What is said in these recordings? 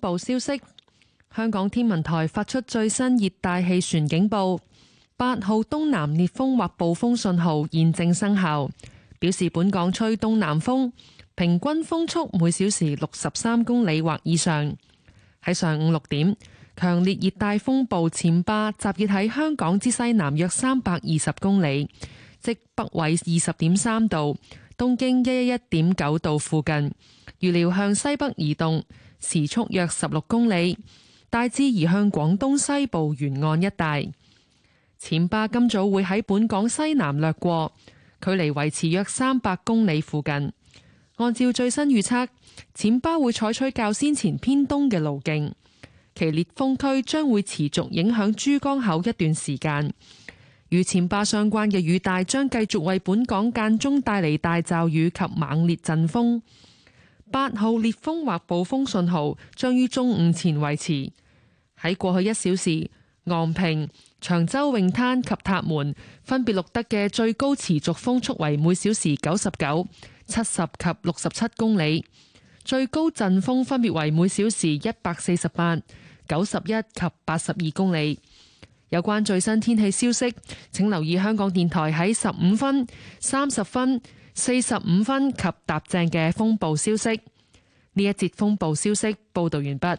報消息，香港天文台發出最新熱帶氣旋警報，八號東南烈風或暴風信號現正生效，表示本港吹東南風，平均風速每小時六十三公里或以上。喺上午六點，強烈熱帶風暴淺巴集結喺香港之西南約三百二十公里，即北緯二十點三度，東經一一一點九度附近，預料向西北移動。時速約十六公里，大致移向廣東西部沿岸一帶。暹芭今早會喺本港西南掠過，距離維持約三百公里附近。按照最新預測，暹芭會採取較先前偏東嘅路徑，其烈風區將會持續影響珠江口一段時間。與暹芭相關嘅雨帶將繼續為本港間中帶嚟大驟雨及猛烈陣風。八號烈風或暴風信號將於中午前維持。喺過去一小時，昂坪、長洲泳灘及塔門分別錄得嘅最高持續風速為每小時九十九、七十及六十七公里，最高陣風分別為每小時一百四十八、九十一及八十二公里。有關最新天氣消息，請留意香港電台喺十五分、三十分。四十五分及踏正嘅風暴消息。呢一節風暴消息報道完畢。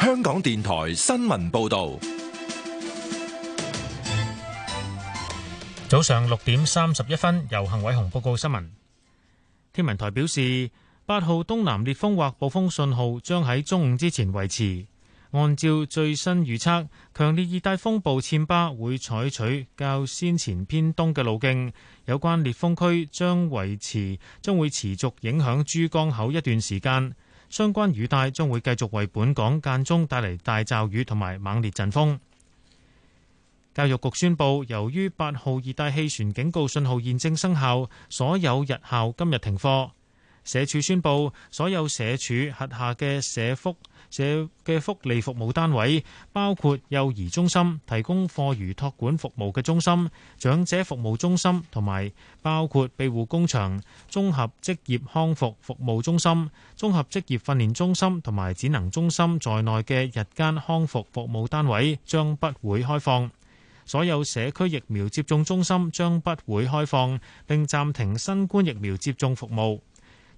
香港電台新聞報道。早上六點三十一分，由幸偉雄報告新聞。天文台表示。八號東南烈風或暴風信號將喺中午之前維持。按照最新預測，強烈熱帶風暴暹芭會採取較先前偏東嘅路徑。有關烈風區將維持，將會持續影響珠江口一段時間。相關雨帶將會繼續為本港間中帶嚟大驟雨同埋猛烈陣風。教育局宣布，由於八號熱帶氣旋警告信號現正生效，所有日校今日停課。社署宣布，所有社署轄下嘅社福社嘅福利服務單位，包括幼兒中心、提供課餘托管服務嘅中心、長者服務中心，同埋包括庇護工場、綜合職業康復服，服務中心、綜合職業訓練中心同埋展能中心在內嘅日間康復服務單位將不會開放。所有社區疫苗接種中心將不會開放，並暫停新冠疫苗接種服務。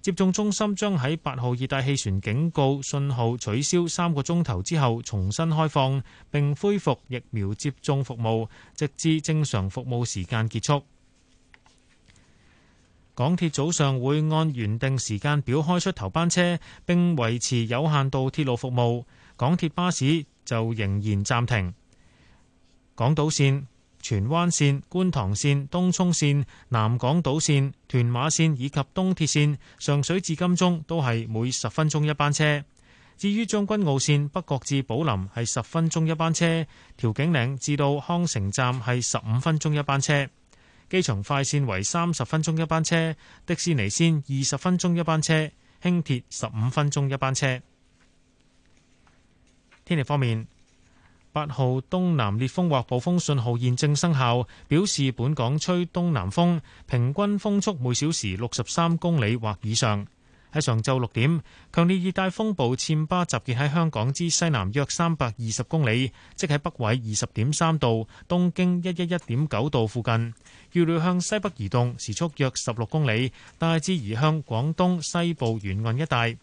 接種中心將喺八號熱帶氣旋警告信號取消三個鐘頭之後重新開放，並恢復疫苗接種服務，直至正常服務時間結束。港鐵早上會按原定時間表開出頭班車，並維持有限度鐵路服務。港鐵巴士就仍然暫停。港島線。荃灣綫、觀塘綫、東涌綫、南港島綫、屯馬綫以及東鐵綫上水至金鐘都係每十分鐘一班車。至於將軍澳綫北角至寶林係十分鐘一班車，調景嶺至到康城站係十五分鐘一班車。機場快綫為三十分鐘一班車，迪士尼綫二十分鐘一班車，輕鐵十五分鐘一班車。天氣方面。八號東南烈風或暴風信號現正生效，表示本港吹東南風，平均風速每小時六十三公里或以上。喺上晝六點，強烈熱帶風暴暹巴集結喺香港之西南約三百二十公里，即喺北緯二十點三度、東經一一一點九度附近。預料向西北移動，時速約十六公里，大致移向廣東西部沿岸一帶。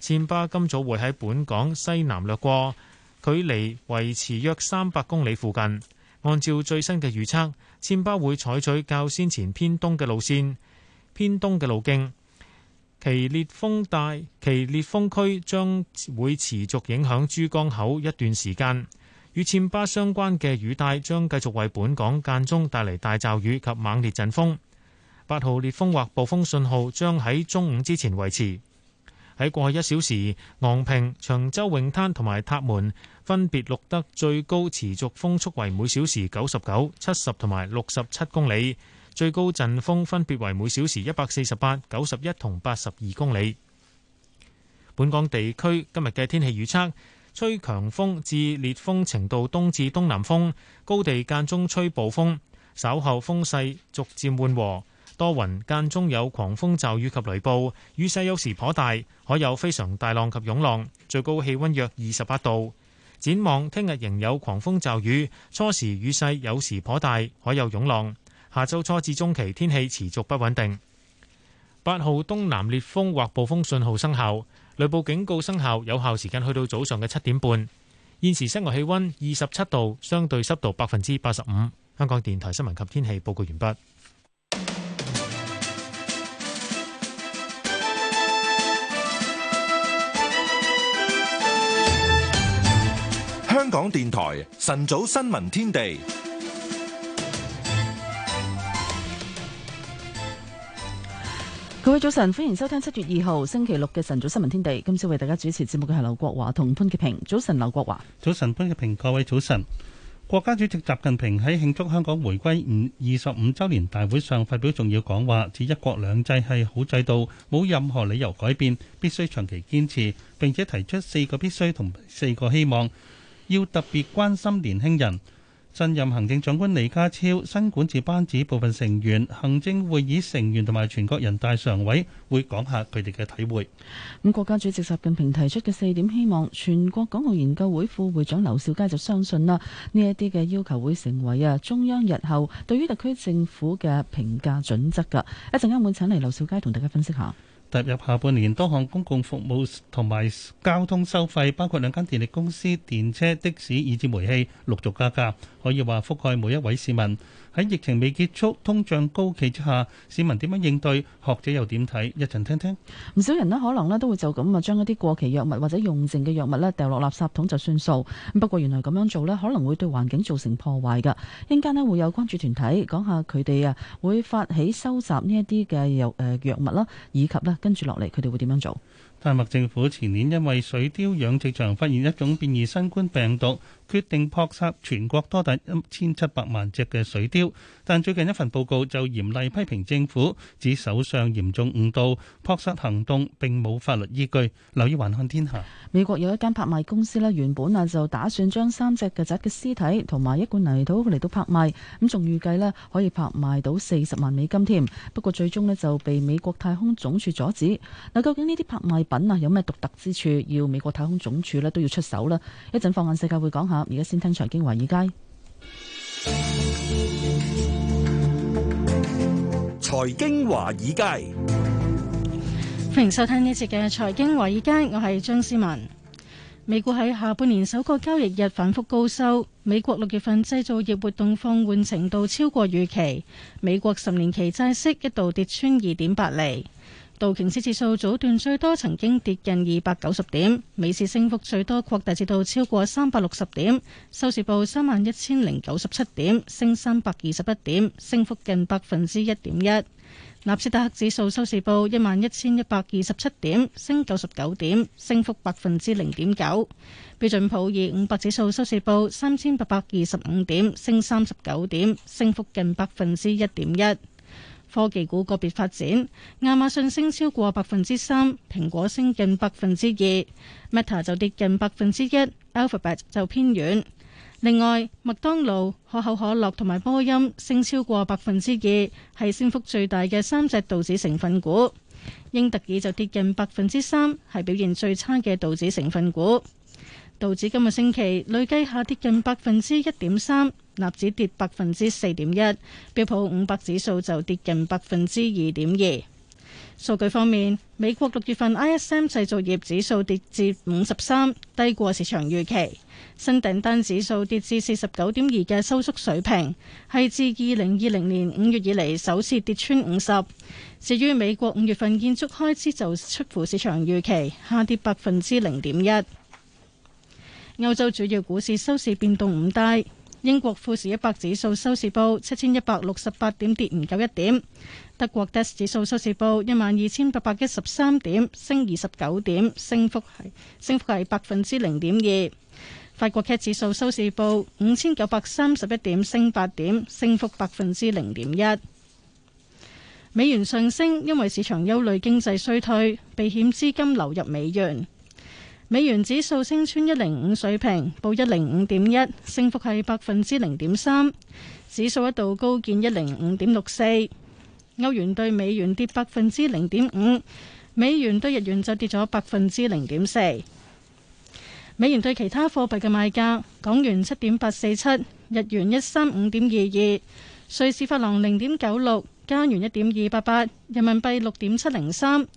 暹巴今早會喺本港西南掠過。距離維持約三百公里附近。按照最新嘅預測，颱巴會採取較先前偏東嘅路線，偏東嘅路徑。其烈風帶、其烈風區將會持續影響珠江口一段時間。與颱巴相關嘅雨帶將繼續為本港間中帶嚟大驟雨及猛烈陣風。八號烈風或暴風信號將喺中午之前維持。喺過去一小時，昂坪、長洲泳灘同埋塔門，分別錄得最高持續風速為每小時九十九、七十同埋六十七公里，最高陣風分別為每小時一百四十八、九十一同八十二公里。本港地區今日嘅天氣預測，吹強風至烈風程度，東至東南風，高地間中吹暴風，稍後風勢逐漸緩和，多雲間中有狂風驟雨及雷暴，雨勢有時頗大，可有非常大浪及湧浪，最高氣温約二十八度。展望聽日仍有狂風驟雨，初時雨勢有時頗大，海有湧浪。下周初至中期天氣持續不穩定。八號東南烈風或暴風信號生效，雷暴警告生效，有效時間去到早上嘅七點半。現時室外氣溫二十七度，相對濕度百分之八十五。嗯、香港電台新聞及天氣報告完畢。香港電台晨早新聞天地，各位早晨，歡迎收聽七月二號星期六嘅晨早新聞天地。今朝為大家主持節目嘅係劉國華同潘潔平。早晨，劉國華，早晨，潘潔平。各位早晨。國家主席習近平喺慶祝香港回歸五二十五周年大會上發表重要講話，指一國兩制係好制度，冇任何理由改變，必須長期堅持，並且提出四個必須同四個希望。要特別關心年輕人。新任行政長官李家超、新管治班子部分成員、行政會議成員同埋全國人大常委會，講下佢哋嘅體會。咁國家主席習近平提出嘅四點希望，全國港澳研究會副會長劉少佳就相信啦，呢一啲嘅要求會成為啊中央日後對於特區政府嘅評價準則噶。一陣間會請嚟劉少佳同大家分析下。踏入下半年，多項公共服務同埋交通收費，包括兩間電力公司、電車、的士、以至煤氣，陸續加價，可以話覆蓋每一位市民。喺疫情未結束、通脹高企之下，市民點樣應對？學者又點睇？一陣聽聽。唔少人咧，可能咧都會就咁啊，將一啲過期藥物或者用剩嘅藥物咧，掉落垃圾桶就算數。不過原來咁樣做咧，可能會對環境造成破壞㗎。一陣間咧會有關注團體講下佢哋啊，會發起收集呢一啲嘅藥誒藥物啦，以及咧跟住落嚟佢哋會點樣做？丹麥政府前年因為水貂養殖場發現一種變異新冠病毒。決定撲殺全國多達一千七百萬隻嘅水貂，但最近一份報告就嚴厲批評政府，指首相嚴重誤導，撲殺行動並冇法律依據。留意橫看天下，美國有一間拍賣公司呢原本啊就打算將三隻曱甴嘅屍體同埋一罐泥土嚟到拍賣，咁仲預計呢可以拍賣到四十萬美金添。不過最終呢就被美國太空總署阻止。嗱，究竟呢啲拍賣品啊有咩獨特之處，要美國太空總署呢都要出手喇？一陣放眼世界會講下。而家先聽財經華爾街。財經華爾街，歡迎收聽呢節嘅財經華爾街。我係張思文。美股喺下半年首個交易日反覆高收。美國六月份製造業活動放緩程度超過預期。美國十年期債息一度跌穿二點八厘。道瓊斯指數早段最多曾經跌近二百九十點，美市升幅最多擴大至到超過三百六十點，收市報三萬一千零九十七點，升三百二十一點，升幅近百分之一點一。納斯達克指數收市報一萬一千一百二十七點，升九十九點，升幅百分之零點九。標準普爾五百指數收市報三千八百二十五點，升三十九點，升幅近百分之一點一。科技股個別發展，亞馬遜升超過百分之三，蘋果升近百分之二，Meta 就跌近百分之一，Alphabet 就偏軟。另外，麥當勞、可口可樂同埋波音升超過百分之二，係升幅最大嘅三隻道指成分股。英特爾就跌近百分之三，係表現最差嘅道指成分股。道指今個星期累計下跌近百分之一點三，納指跌百分之四點一，標普五百指數就跌近百分之二點二。數據方面，美國六月份 ISM 製造業指數跌至五十三，低過市場預期；新訂單指數跌至四十九點二嘅收縮水平，係自二零二零年五月以嚟首次跌穿五十。至於美國五月份建築開支就出乎市場預期，下跌百分之零點一。歐洲主要股市收市變動唔大，英國富時一百指數收市報七千一百六十八點，跌唔夠一點。德國 DAX 指數收市報一萬二千八百一十三點，升二十九點，升幅係升幅係百分之零點二。法國 CAC 指數收市報五千九百三十一點，升八點，升幅百分之零點一。美元上升，因為市場憂慮經濟衰退，避險資金流入美元。美元指數升穿一零五水平，報一零五點一，升幅係百分之零點三。指數一度高見一零五點六四。歐元對美元跌百分之零點五，美元對日元就跌咗百分之零點四。美元對其他貨幣嘅賣價：港元七點八四七，日元一三五點二二，瑞士法郎零點九六，加元一點二八八，人民幣六點七零三。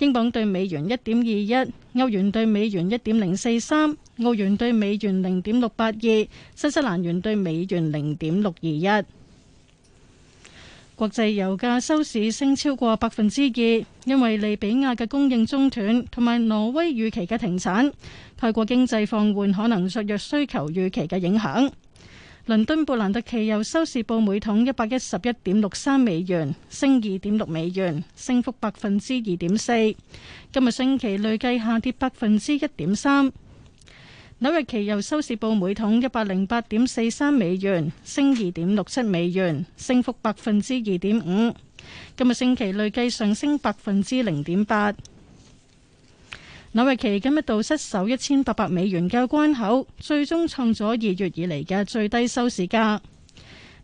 英鎊兌美元一點二一，歐元兌美元一點零四三，澳元兌美元零點六八二，新西蘭元兌美元零點六二一。國際油價收市升超過百分之二，因為利比亞嘅供應中斷同埋挪威預期嘅停產，泰國經濟放緩可能削弱需求預期嘅影響。倫敦布蘭特期油收市報每桶一百一十一點六三美元，升二點六美元，升幅百分之二點四。今日星期累計下跌百分之一點三。紐約期油收市報每桶一百零八點四三美元，升二點六七美元，升幅百分之二點五。今日星期累計上升百分之零點八。紐約期金一度失守一千八百美元嘅關口，最終創咗二月以嚟嘅最低收市價。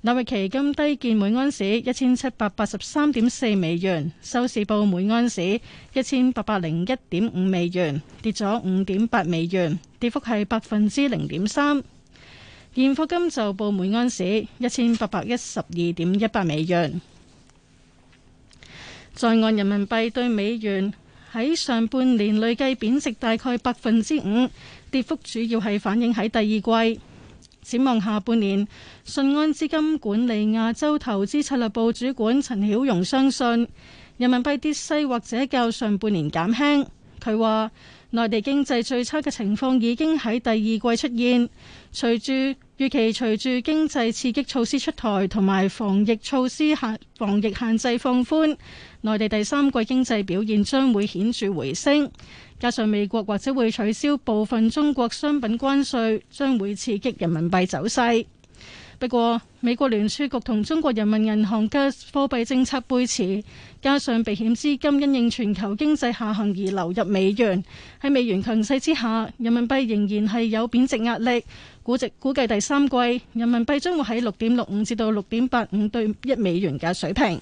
紐約期金低見每安士一千七百八十三點四美元，收市報每安士一千八百零一點五美元，跌咗五點八美元，跌幅係百分之零點三。現貨金就報每安士一千八百一十二點一百美元。在岸人民幣對美元，喺上半年累計貶值大概百分之五，跌幅主要係反映喺第二季。展望下半年，信安資金管理亞洲投資策略部主管陳曉容相信，人民幣跌勢或者較上半年減輕。佢話：內地經濟最差嘅情況已經喺第二季出現，隨住預期隨住經濟刺激措施出台同埋防疫措施限防疫限制放寬。內地第三季經濟表現將會顯著回升，加上美國或者會取消部分中國商品關稅，將會刺激人民幣走勢。不過，美國聯儲局同中國人民銀行嘅貨幣政策背馳，加上避險資金因應全球經濟下行而流入美元，喺美元強勢之下，人民幣仍然係有貶值壓力。估值估計第三季人民幣將會喺六點六五至到六點八五對一美元嘅水平。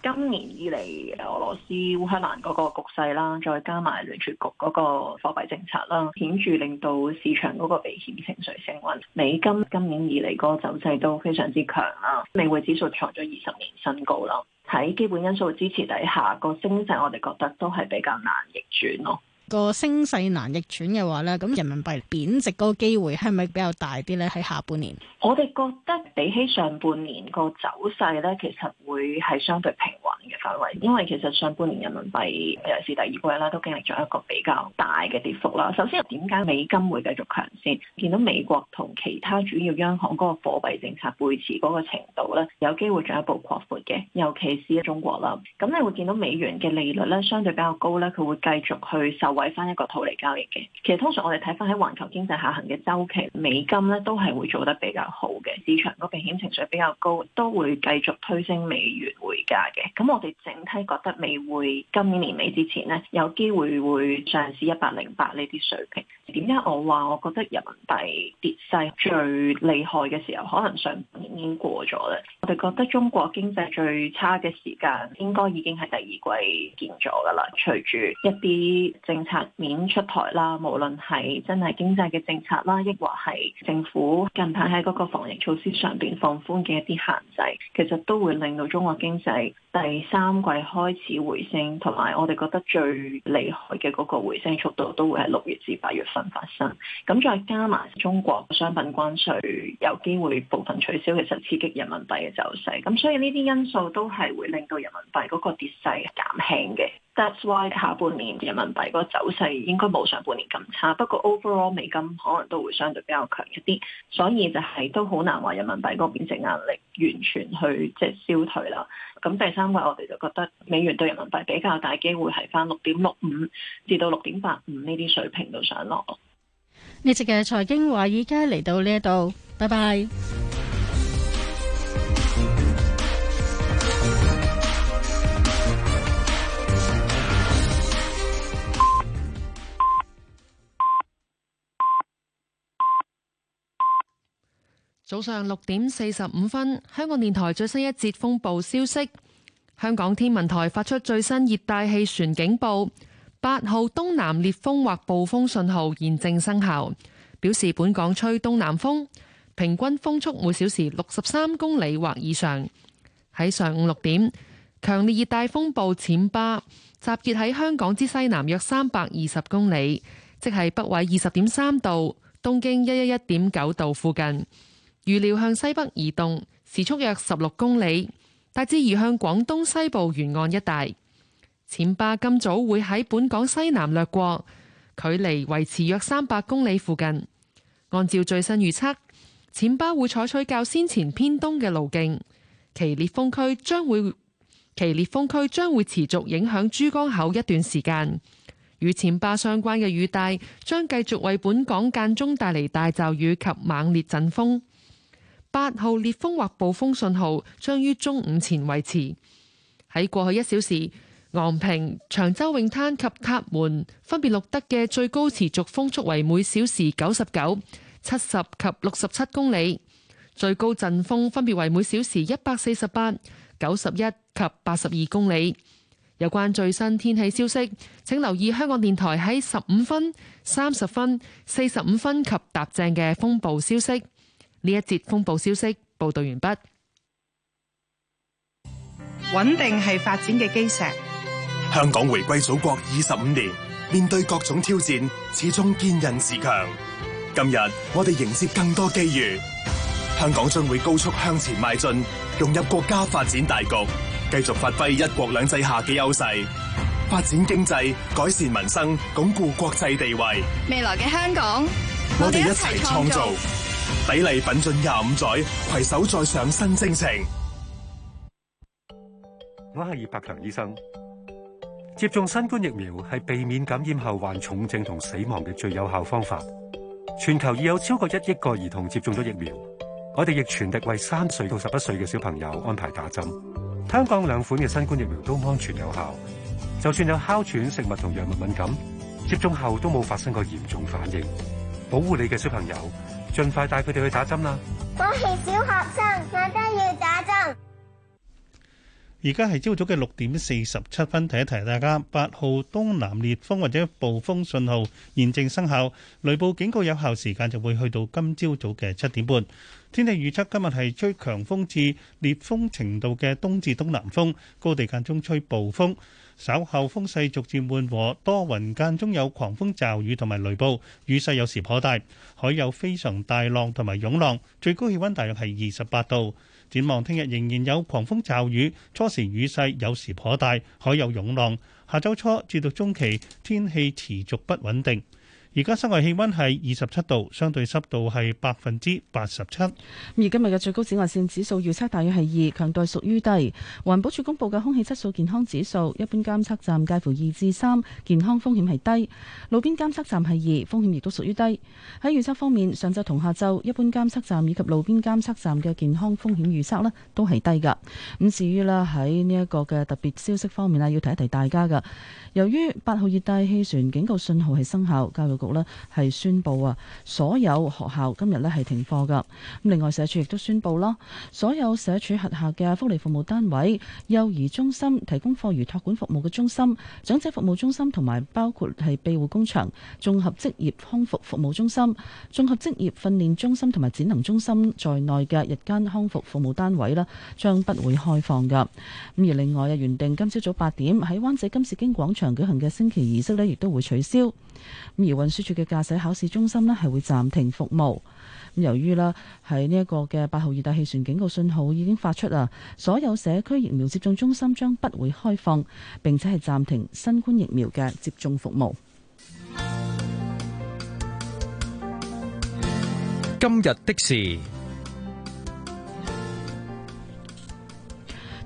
今年以嚟，俄羅斯烏克蘭嗰個局勢啦，再加埋聯儲局嗰個貨幣政策啦，顯著令到市場嗰個避險情緒升溫。美金今年以嚟個走勢都非常之強啦，美匯指數創咗二十年新高啦。喺基本因素支持底下，個升勢我哋覺得都係比較難逆轉咯。個升勢難逆轉嘅話咧，咁人民幣貶值嗰個機會係咪比較大啲咧？喺下半年，我哋覺得比起上半年個走勢咧，其實會係相對平穩嘅範圍，因為其實上半年人民幣，尤其是第二季啦，都經歷咗一個比較大嘅跌幅啦。首先，點解美金會繼續強先？見到美國同其他主要央行嗰個貨幣政策背馳嗰個程度咧，有機會進一步擴闊嘅，尤其是中國啦。咁你會見到美元嘅利率咧相對比較高咧，佢會繼續去受為翻一個套利交易嘅。其實通常我哋睇翻喺環球經濟下行嘅周期，美金咧都係會做得比較好嘅，市場個避險情緒比較高，都會繼續推升美元匯價嘅。咁我哋整體覺得美匯今年年尾之前咧，有機會會上至一百零八呢啲水平。點解我話我覺得人民幣跌勢最厲害嘅時候，可能上半年已經過咗啦。我哋覺得中國經濟最差嘅時間，應該已經係第二季見咗噶啦。隨住一啲政策面出台啦，無論係真係經濟嘅政策啦，亦或係政府近排喺嗰個防疫措施上邊放寬嘅一啲限制，其實都會令到中國經濟第三季開始回升，同埋我哋覺得最厲害嘅嗰個回升速度都會喺六月至八月份發生。咁再加埋中國商品關稅有機會部分取消，其實刺激人民幣嘅走勢，咁所以呢啲因素都係會令到人民幣嗰個跌勢減輕嘅。That's why 下半年人民幣嗰個走勢應該冇上半年咁差，不過 overall 美金可能都會相對比較強一啲，所以就係都好難話人民幣嗰個貶值壓力完全去即係消退啦。咁第三季我哋就覺得美元對人民幣比較大機會係返六點六五至到六點八五呢啲水平度上落。呢節嘅財經話，而家嚟到呢一度，拜拜。早上六點四十五分，香港電台最新一節風暴消息。香港天文台發出最新熱帶氣旋警報，八號東南烈風或暴風信號現正生效，表示本港吹東南風，平均風速每小時六十三公里或以上。喺上午六點，強烈熱帶風暴淺巴集結喺香港之西南約三百二十公里，即係北緯二十點三度、東經一一一點九度附近。預料向西北移動，時速約十六公里，大致移向廣東西部沿岸一帶。暹芭今早會喺本港西南掠過，距離維持約三百公里附近。按照最新預測，暹芭會採取較先前偏東嘅路徑，其烈風區將會，其烈風區將會持續影響珠江口一段時間。與暹芭相關嘅雨帶將繼續為本港間中帶嚟大驟雨及猛烈陣風。八號烈風或暴風信號將於中午前維持。喺過去一小時，昂坪、長洲泳灘及塔門分別錄得嘅最高持續風速為每小時九十九、七十及六十七公里，最高陣風分別為每小時一百四十八、九十一及八十二公里。有關最新天氣消息，請留意香港電台喺十五分、三十分、四十五分及搭正嘅風暴消息。呢一節風暴消息報道完畢。穩定係發展嘅基石。香港回歸祖國二十五年，面對各種挑戰，始終堅韌自強。今日我哋迎接更多機遇，香港將會高速向前邁進，融入國家發展大局，繼續發揮一國兩制下嘅優勢，發展經濟，改善民生，鞏固國際地位。未來嘅香港，我哋一齊創造。砥礪奮進廿五載，攜手再上新征程。我係葉柏強醫生，接種新冠疫苗係避免感染後患重症同死亡嘅最有效方法。全球已有超過一億個兒童接種咗疫苗，我哋亦全力為三歲到十一歲嘅小朋友安排打針。香港兩款嘅新冠疫苗都安全有效，就算有哮喘、食物同藥物敏感，接種後都冇發生過嚴重反應，保護你嘅小朋友。盡快帶佢哋去打針啦！我係小學生，我都要打針。而家係朝早嘅六點四十七分，提一提大家，八號東南烈風或者暴風信號現正生效，雷暴警告有效時間就會去到今朝早嘅七點半。天氣預測今日係吹強風至烈風程度嘅東至東南風，高地間中吹暴風。稍後風勢逐漸緩和，多雲間中有狂風驟雨同埋雷暴，雨勢有時頗大，海有非常大浪同埋湧浪，最高氣溫大約係二十八度。展望聽日仍然有狂風驟雨，初時雨勢有時頗大，海有湧浪。下週初至到中期天氣持續不穩定。而家室外氣溫係二十七度，相對濕度係百分之八十七。而今日嘅最高紫外線指數預測大約係二，強度屬於低。環保署公布嘅空氣質素健康指數，一般監測站介乎二至三，健康風險係低；路邊監測站係二，風險亦都屬於低。喺預測方面，上晝同下晝一般監測站以及路邊監測站嘅健康風險預測呢都係低㗎。咁至於呢喺呢一個嘅特別消息方面呢要提一提大家㗎。由於八號熱帶氣旋警告信號係生效，教育局呢係宣布啊，所有學校今日呢係停課噶。咁另外社署亦都宣布啦，所有社署轄下嘅福利服務單位、幼兒中心提供課餘託管服務嘅中心、長者服務中心同埋包括係庇護工場、綜合職業康復服務中心、綜合職業訓練中心同埋展能中心在內嘅日間康復服務單位呢將不會開放噶。咁而另外啊，原定今朝早八點喺灣仔金紫荊廣場舉行嘅升旗儀式呢，亦都會取消。而運輸署嘅駕駛考試中心呢，係會暫停服務。由於啦，喺呢一個嘅八號熱帶氣旋警告信號已經發出啦，所有社區疫苗接種中心將不會開放，並且係暫停新冠疫苗嘅接種服務。今日的事。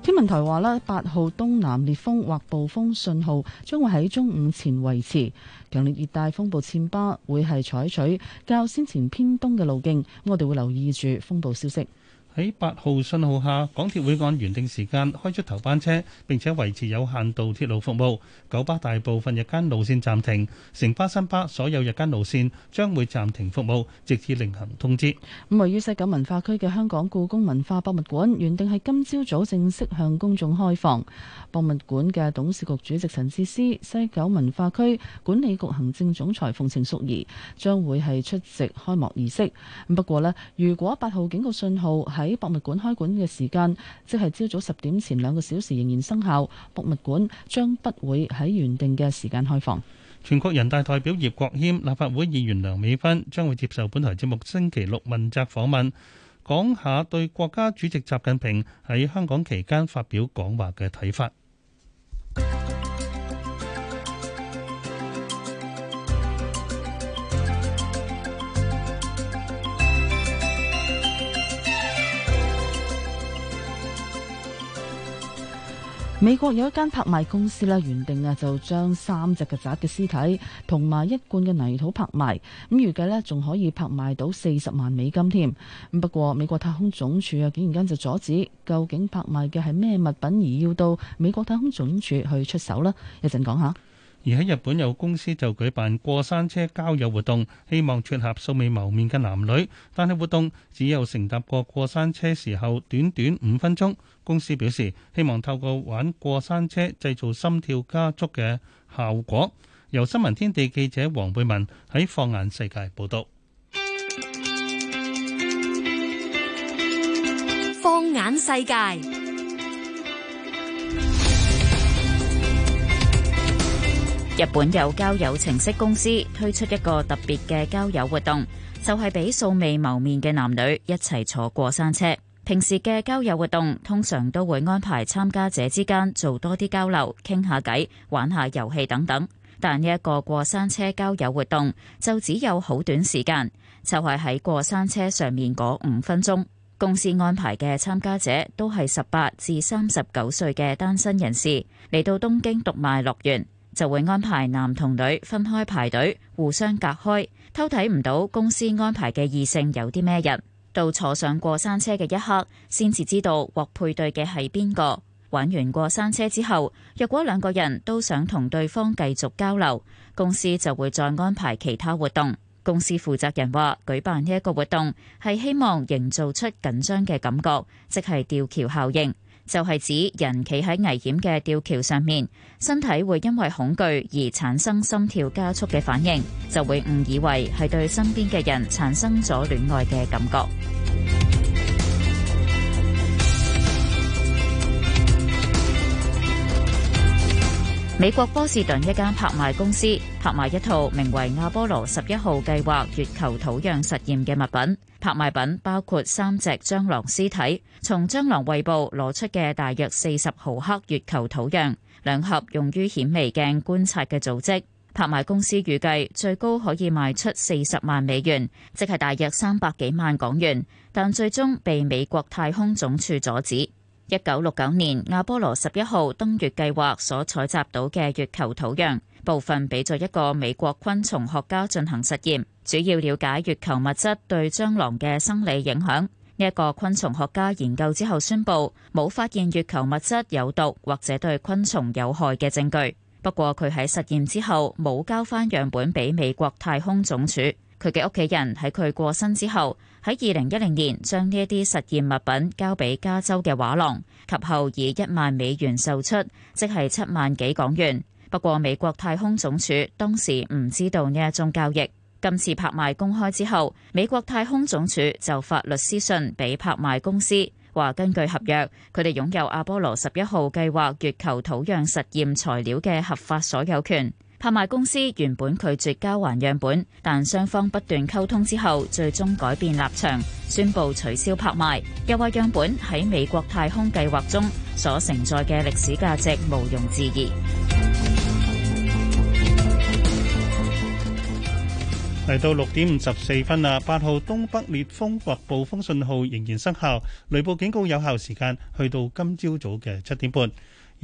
天文台話咧，八號東南烈風或暴風信號將會喺中午前維持。強烈熱帶風暴暹芭會係採取較先前偏東嘅路徑，我哋會留意住風暴消息。喺八號信號下，港鐵會按原定時間開出頭班車，並且維持有限度鐵路服務。九巴大部分日間路線暫停，城巴新巴所有日間路線將會暫停服務，直至另行通知。咁位於西九文化區嘅香港故宮文化博物館原定係今朝早正式向公眾開放。博物館嘅董事局主席陳智思、西九文化區管理局行政總裁馮程淑儀將會係出席開幕儀式。咁不過呢，如果八號警告信號係喺博物館開館嘅時間，即係朝早十點前兩個小時仍然生效。博物館將不會喺原定嘅時間開放。全國人大代表葉國謙、立法會議員梁美芬將會接受本台節目星期六問責訪問，講下對國家主席習近平喺香港期間發表講話嘅睇法。美國有一間拍賣公司啦，原定啊就將三隻曱甴嘅屍體同埋一罐嘅泥土拍賣，咁預計咧仲可以拍賣到四十萬美金添。不過美國太空總署啊，竟然間就阻止，究竟拍賣嘅係咩物品而要到美國太空總署去出手啦？講一陣講下。而喺日本有公司就舉辦過山車交友活動，希望撮合素未謀面嘅男女，但係活動只有乘搭過過山車時候短短五分鐘。公司表示，希望透過玩過山車製造心跳加速嘅效果。由新聞天地記者黃貝文喺放眼世界報道。放眼世界，日本有交友程式公司推出一個特別嘅交友活動，就係俾素未謀面嘅男女一齊坐過山車。平時嘅交友活動通常都會安排參加者之間做多啲交流、傾下偈、玩下遊戲等等。但呢一個過山車交友活動就只有好短時間，就係、是、喺過山車上面嗰五分鐘。公司安排嘅參加者都係十八至三十九歲嘅單身人士嚟到東京讀賣樂園，就會安排男同女分開排隊，互相隔開，偷睇唔到公司安排嘅異性有啲咩人。到坐上過山車嘅一刻，先至知道獲配對嘅係邊個。玩完過山車之後，若果兩個人都想同對方繼續交流，公司就會再安排其他活動。公司負責人話，舉辦呢一個活動係希望營造出緊張嘅感覺，即係吊橋效應。就係指人企喺危險嘅吊橋上面，身體會因為恐懼而產生心跳加速嘅反應，就會誤以為係對身邊嘅人產生咗戀愛嘅感覺。美國波士頓一間拍賣公司拍賣一套名為阿波羅十一號計劃月球土壤實驗嘅物品，拍賣品包括三隻蟑螂屍體，從蟑螂胃部攞出嘅大約四十毫克月球土壤，兩盒用於顯微鏡觀察嘅組織。拍賣公司預計最高可以賣出四十萬美元，即係大約三百幾萬港元，但最終被美國太空總署阻止。一九六九年，阿波羅十一號登月計劃所採集到嘅月球土壤，部分俾咗一個美國昆蟲學家進行實驗，主要了解月球物質對蟑螂嘅生理影響。呢一個昆蟲學家研究之後宣布，冇發現月球物質有毒或者對昆蟲有害嘅證據。不過佢喺實驗之後冇交翻樣本俾美國太空總署。佢嘅屋企人喺佢過身之後，喺二零一零年將呢一啲實驗物品交俾加州嘅畫廊，及後以一萬美元售出，即係七萬幾港元。不過美國太空總署當時唔知道呢一宗交易。今次拍賣公開之後，美國太空總署就發律師信俾拍賣公司，話根據合約，佢哋擁有阿波羅十一號計劃月球土壤實驗材料嘅合法所有權。拍賣公司原本拒絕交還樣本，但雙方不斷溝通之後，最終改變立場，宣布取消拍賣。又話樣本喺美國太空計劃中所承載嘅歷史價值，毋庸置疑。嚟到六點五十四分呀，八號東北烈風或暴風信號仍然生效，雷暴警告有效時間去到今朝早嘅七點半。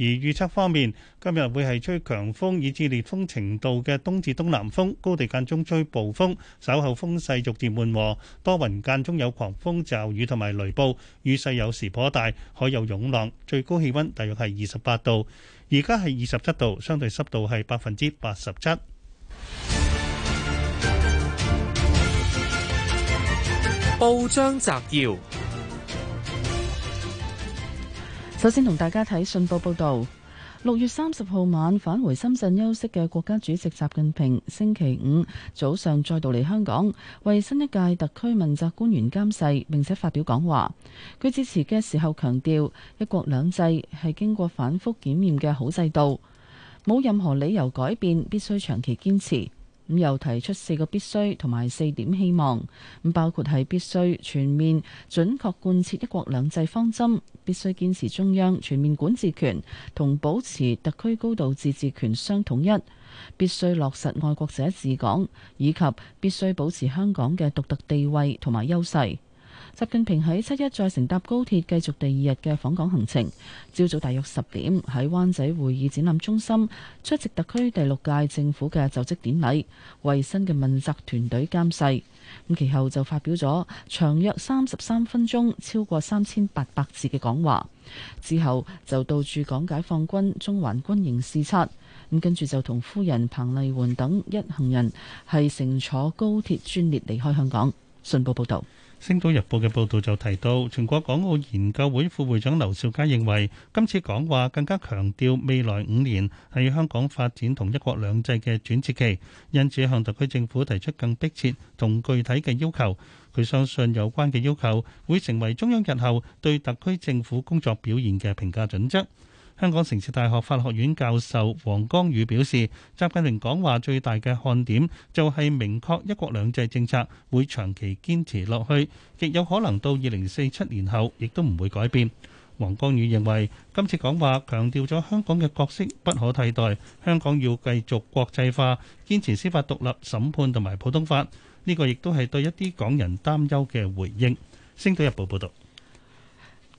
而預測方面，今日會係吹強風以至烈風程度嘅東至東南風，高地間中吹暴風，稍後風勢逐漸緩和，多雲間中有狂風驟雨同埋雷暴，雨勢有時頗大，海有湧浪，最高氣温大約係二十八度，而家係二十七度，相對濕度係百分之八十七。報章摘要。首先同大家睇信報報道，六月三十號晚返回深圳休息嘅國家主席習近平，星期五早上再度嚟香港，為新一屆特區問責官員監誓，並且發表講話。佢致辭嘅時候強調，一國兩制係經過反覆檢驗嘅好制度，冇任何理由改變，必須長期堅持。咁又提出四個必須同埋四點希望，包括係必須全面準確貫徹一國兩制方針，必須堅持中央全面管治權同保持特區高度自治權相統一，必須落實愛國者治港，以及必須保持香港嘅獨特地位同埋優勢。習近平喺七一再乘搭高鐵繼續第二日嘅訪港行程。朝早大約十點喺灣仔會議展覽中心出席特區第六屆政府嘅就職典禮，為新嘅問責團隊監誓。咁其後就發表咗長約三十三分鐘超過三千八百字嘅講話，之後就到駐港解放軍中環軍營視察。咁跟住就同夫人彭麗媛等一行人係乘坐高鐵專列離開香港。信報報道。《星島日報》嘅報導就提到，全國港澳研究會副會長劉兆佳認為，今次講話更加強調未來五年係香港發展同一國兩制嘅轉折期，因此向特區政府提出更迫切同具體嘅要求。佢相信有關嘅要求會成為中央日後對特區政府工作表現嘅評價準則。香港城市大學法學院教授黃光宇表示，習近平講話最大嘅看點就係明確一國兩制政策會長期堅持落去，亦有可能到二零四七年後亦都唔會改變。黃光宇認為今次講話強調咗香港嘅角色不可替代，香港要繼續國際化，堅持司法獨立審判同埋普通法，呢、這個亦都係對一啲港人擔憂嘅回應。星島日報報道。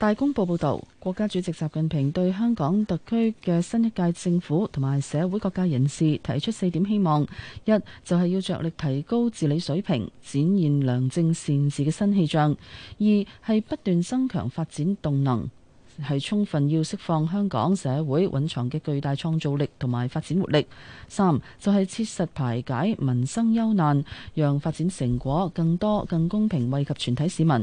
大公報報導，國家主席習近平對香港特區嘅新一屆政府同埋社會各界人士提出四點希望：一、就係要着力提高治理水平，展現良政善治嘅新氣象；二、係不斷增強發展動能。係充分要釋放香港社會蘊藏嘅巨大創造力同埋發展活力。三就係、是、切實排解民生憂難，讓發展成果更多、更公平惠及全體市民。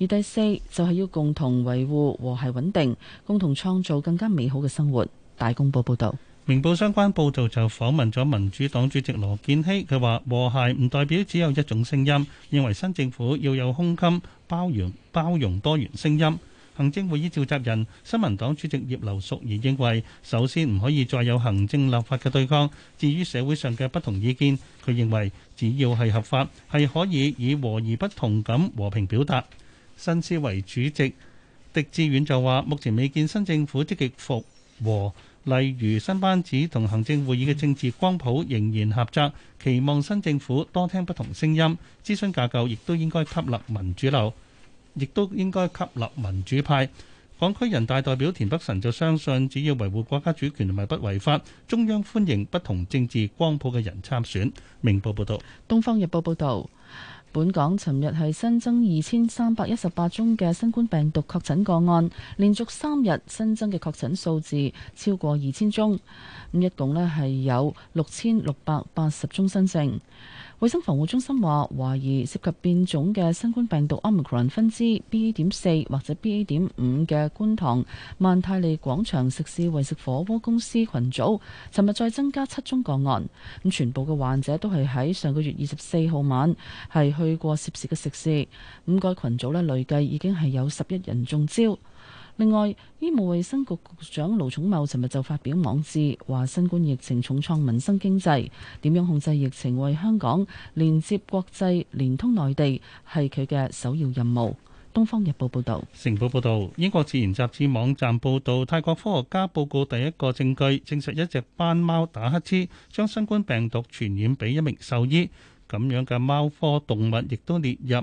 而第四就係、是、要共同維護和諧穩定，共同創造更加美好嘅生活。大公報報道，明報相關報導就訪問咗民主黨主席羅建熙，佢話：和諧唔代表只有一種聲音，認為新政府要有胸襟包容包容多元聲音。行政會議召集人、新民黨主席葉劉淑儀認為，首先唔可以再有行政立法嘅對抗。至於社會上嘅不同意見，佢認為只要係合法，係可以以和而不同咁和平表達。新思維主席狄志遠就話：目前未見新政府積極復和，例如新班子同行政會議嘅政治光譜仍然狹窄。期望新政府多聽不同聲音，諮詢架構亦都應該吸納民主流。亦都應該吸納民主派。港區人大代表田北辰就相信，只要維護國家主權同埋不違法，中央歡迎不同政治光譜嘅人參選。明報報導，東方日報報導，本港尋日係新增二千三百一十八宗嘅新冠病毒確診個案，連續三日新增嘅確診數字超過二千宗。咁一共呢係有六千六百八十宗新症。衛生防護中心話，懷疑涉及變種嘅新冠病毒 Omicron 分支 BA.4 或者 BA.5 嘅觀塘萬泰利廣場食肆為食火鍋公司群組，尋日再增加七宗個案，咁全部嘅患者都係喺上個月二十四號晚係去過涉事嘅食肆，咁、那個群組呢累計已經係有十一人中招。另外，醫務衛生局局長盧寵茂尋日就發表網誌，話新冠疫情重創民生經濟，點樣控制疫情為香港連接國際、連通內地係佢嘅首要任務。東方日報報道。成報報道，英國自然雜誌網站報道，泰國科學家報告第一個證據，證實一隻斑貓打乞嗤將新冠病毒傳染俾一名獸醫，咁樣嘅貓科動物亦都列入。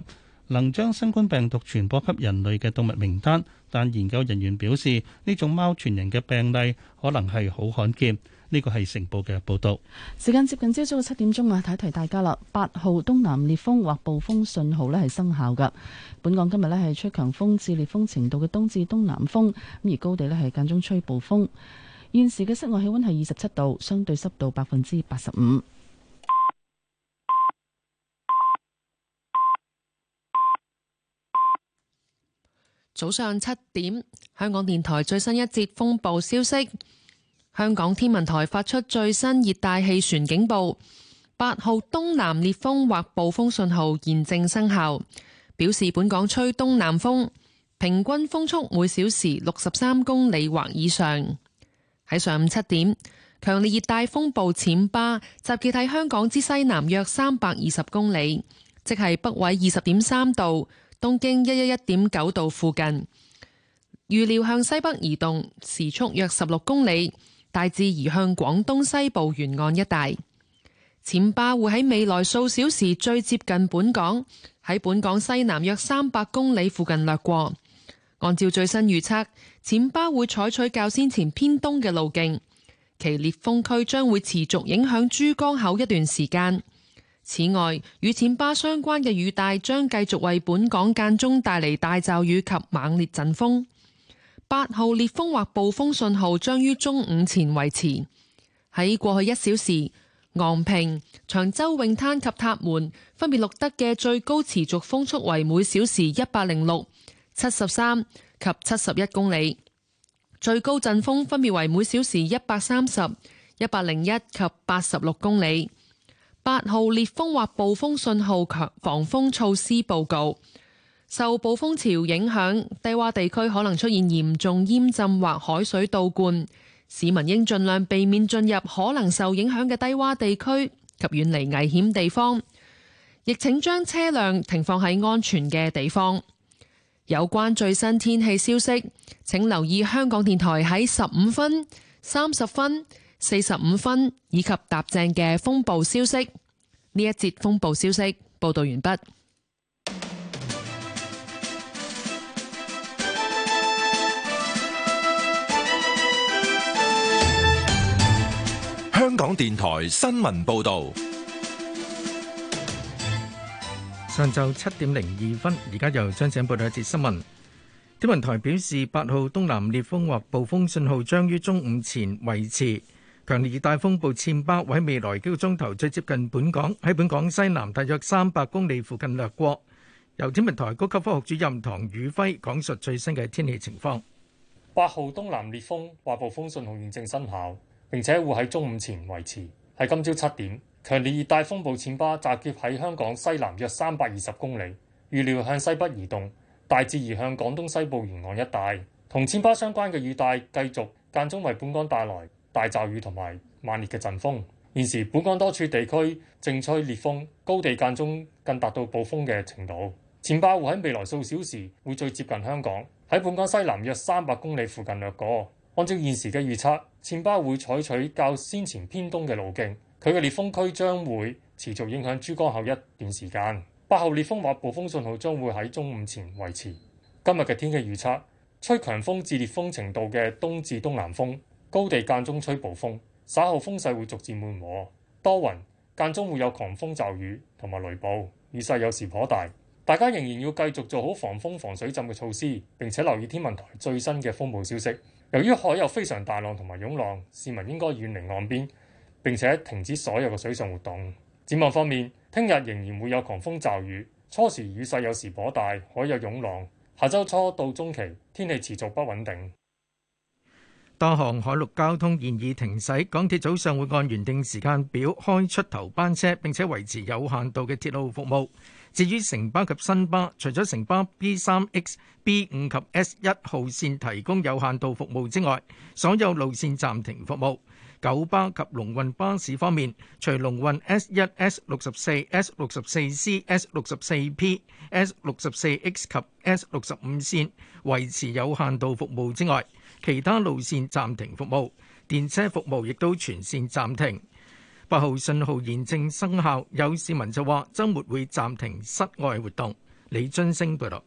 能將新冠病毒傳播給人類嘅動物名單，但研究人員表示，呢種貓傳人嘅病例可能係好罕見。呢個係成報嘅報導。時間接近朝早嘅七點鐘啊，提提大家啦，八號東南烈風或暴風信號呢係生效嘅。本港今日呢係吹強風至烈風程度嘅東至東南風，咁而高地呢係間中吹暴風。現時嘅室外氣温係二十七度，相對濕度百分之八十五。早上七點，香港電台最新一節風暴消息。香港天文台發出最新熱帶氣旋警報，八號東南烈風或暴風信號現正生效，表示本港吹東南風，平均風速每小時六十三公里或以上。喺上午七點，強烈熱帶風暴暹芭集結喺香港之西南約三百二十公里，即係北緯二十點三度。東經一一一點九度附近，預料向西北移動，時速約十六公里，大致移向廣東西部沿岸一帶。潛巴會喺未來數小時最接近本港，喺本港西南約三百公里附近掠過。按照最新預測，潛巴會採取較先前偏東嘅路徑，其烈風區將會持續影響珠江口一段時間。此外，與前巴相關嘅雨帶將繼續為本港間中帶嚟大驟雨及猛烈陣風。八號烈風或暴風信號將於中午前維持。喺過去一小時，昂坪、長洲泳灘及塔門分別錄得嘅最高持續風速為每小時一百零六、七十三及七十一公里，最高陣風分別為每小時一百三十、一百零一及八十六公里。八號烈風或暴風信號強，防風措施報告。受暴風潮影響，低洼地區可能出現嚴重淹浸或海水倒灌。市民應盡量避免進入可能受影響嘅低洼地區及遠離危險地方，亦請將車輛停放喺安全嘅地方。有關最新天氣消息，請留意香港電台喺十五分、三十分、四十五分以及踏正嘅風暴消息，呢一節風暴消息報道完畢。香港電台新聞報道，上晝七點零二分，而家由張子恩報道一節新聞。天文台表示，八號東南烈風或暴風信號將於中午前維持。強烈熱帶風暴暹芭會喺未來幾個鐘頭最接近本港，喺本港西南大約三百公里附近掠過。由天文台高級科學主任唐宇輝講述最新嘅天氣情況。八號東南烈風或暴風信號現正生，生效，並且會喺中午前維持。喺今朝七點，強烈熱帶風暴暹芭集結喺香港西南約三百二十公里，預料向西北移動，大致移向廣東西部沿岸一帶。同暹芭相關嘅雨帶繼續間中為本港帶來，大驟雨同埋猛烈嘅陣風，現時本港多處地區正吹烈風，高地間中更達到暴風嘅程度。千巴會喺未來數小時會最接近香港，喺本港西南約三百公里附近掠過。按照現時嘅預測，千巴會採取較先前偏東嘅路徑，佢嘅烈風區將會持續影響珠江口一段時間。八號烈風或暴風信號將會喺中午前維持。今日嘅天氣預測：吹強風至烈風程度嘅東至東南風。高地間中吹暴風，稍後風勢會逐漸緩和，多雲間中會有狂風驟雨同埋雷暴，雨勢有時頗大。大家仍然要繼續做好防風防水浸嘅措施，並且留意天文台最新嘅風暴消息。由於海有非常大浪同埋湧浪，市民應該遠離岸邊，並且停止所有嘅水上活動。展望方面，聽日仍然會有狂風驟雨，初時雨勢有時頗大，海有湧浪。下周初到中期，天氣持續不穩定。多項海陸交通現已停駛，港鐵早上會按原定時間表開出頭班車，並且維持有限度嘅鐵路服務。至於城巴及新巴，除咗城巴 B 三 X、B 五及 S 一號線提供有限度服務之外，所有路線暫停服務。九巴及龍運巴士方面，除龍運 S 一、S 六十四、S 六十四 C、S 六十四 P、S 六十四 X 及 S 六十五線維持有限度服務之外，其他路線暫停服務，電車服務亦都全線暫停。八號信號現正生效，有市民就話：周末會暫停室外活動。李津星報道。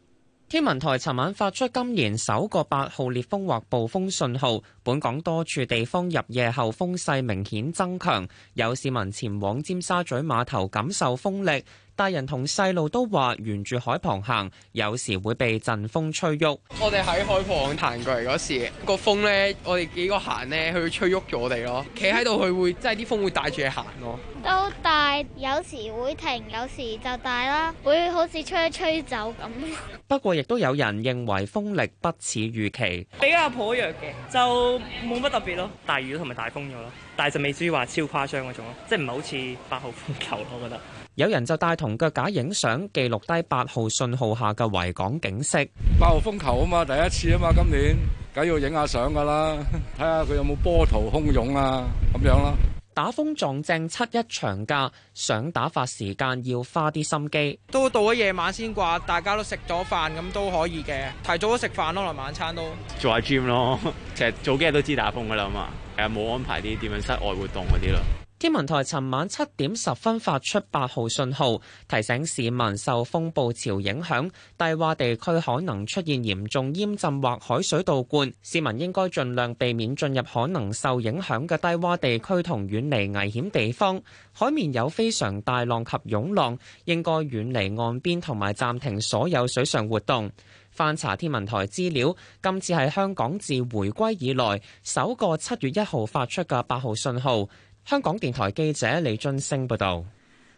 天文台尋晚發出今年首個八號烈風或暴風信號，本港多處地方入夜後風勢明顯增強，有市民前往尖沙咀碼頭感受風力。大人同細路都話沿住海旁行，有時會被陣風吹喐。我哋喺海旁彈過嚟嗰時，個風咧，我哋幾個行咧，佢會吹喐咗我哋咯。企喺度，佢會即係啲風會帶住你行咯。都大，有時會停，有時就大啦。會好似吹一吹走咁。 不過亦都有人認為風力不似預期，比較頗弱嘅，就冇乜特別咯。大雨同埋大風咗咯，但係就未至於話超誇張嗰種咯，即係唔係好似八號風球咯，我覺得。有人就帶同腳架影相，記錄低八號信號下嘅維港景色。八號風球啊嘛，第一次啊嘛，今年，梗要影下相噶啦，睇下佢有冇波濤洶湧啊，咁樣啦。打風撞正七一長假，想打發時間要花啲心機。都到咗夜晚先掛，大家都食咗飯，咁都可以嘅。提早咗食飯咯，晚餐都做下 gym 咯。其實早幾日都知打風噶啦嘛，係啊，冇安排啲點樣室外活動嗰啲咯。天文台尋晚七點十分發出八號信號，提醒市民受風暴潮影響，低洼地區可能出現嚴重淹浸或海水倒灌。市民應該盡量避免進入可能受影響嘅低洼地區，同遠離危險地方。海面有非常大浪及湧浪，應該遠離岸邊同埋暫停所有水上活動。翻查天文台資料，今次係香港自回歸以來首個七月一號發出嘅八號信號。香港電台記者李俊升報道，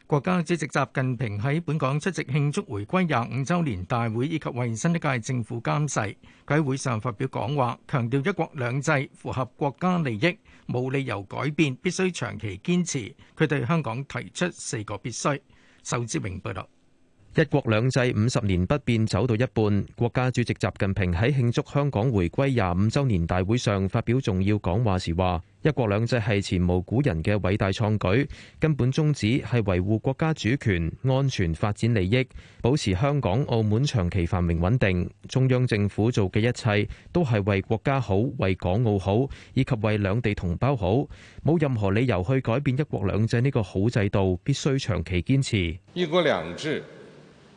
國家主席習近平喺本港出席慶祝回歸廿五周年大會以及為新一屆政府監誓。佢喺會上發表講話，強調一國兩制符合國家利益，冇理由改變，必須長期堅持。佢對香港提出四個必須。仇志榮報道。一國兩制五十年不變走到一半，國家主席習近平喺慶祝香港回歸廿五周年大會上發表重要講話時話：一國兩制係前無古人嘅偉大創舉，根本宗旨係維護國家主權、安全、發展利益，保持香港、澳門長期繁榮穩定。中央政府做嘅一切都係為國家好、為港澳好，以及為兩地同胞好，冇任何理由去改變一國兩制呢個好制度，必須長期堅持。一國兩制，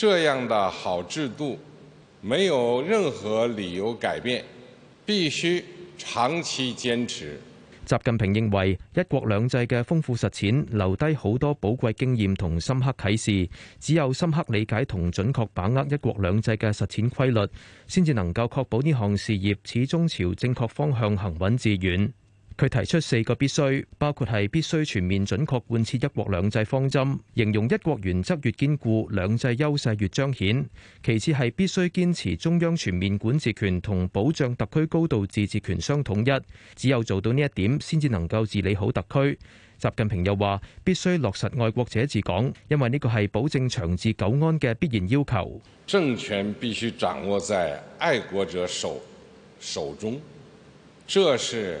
這樣的好制度，沒有任何理由改變，必須長期堅持。習近平認為，一國兩制嘅豐富實踐，留低好多寶貴經驗同深刻啟示。只有深刻理解同準確把握一國兩制嘅實踐規律，先至能夠確保呢項事業始終朝正確方向行穩致遠。佢提出四個必須，包括係必須全面準確貫徹一國兩制方針，形容一國原則越堅固，兩制優勢越彰顯，其次係必須堅持中央全面管治權同保障特區高度自治權相統一，只有做到呢一點先至能夠治理好特區。習近平又話必須落實愛國者治港，因為呢個係保證長治久安嘅必然要求。政權必須掌握在愛國者手手中，這是。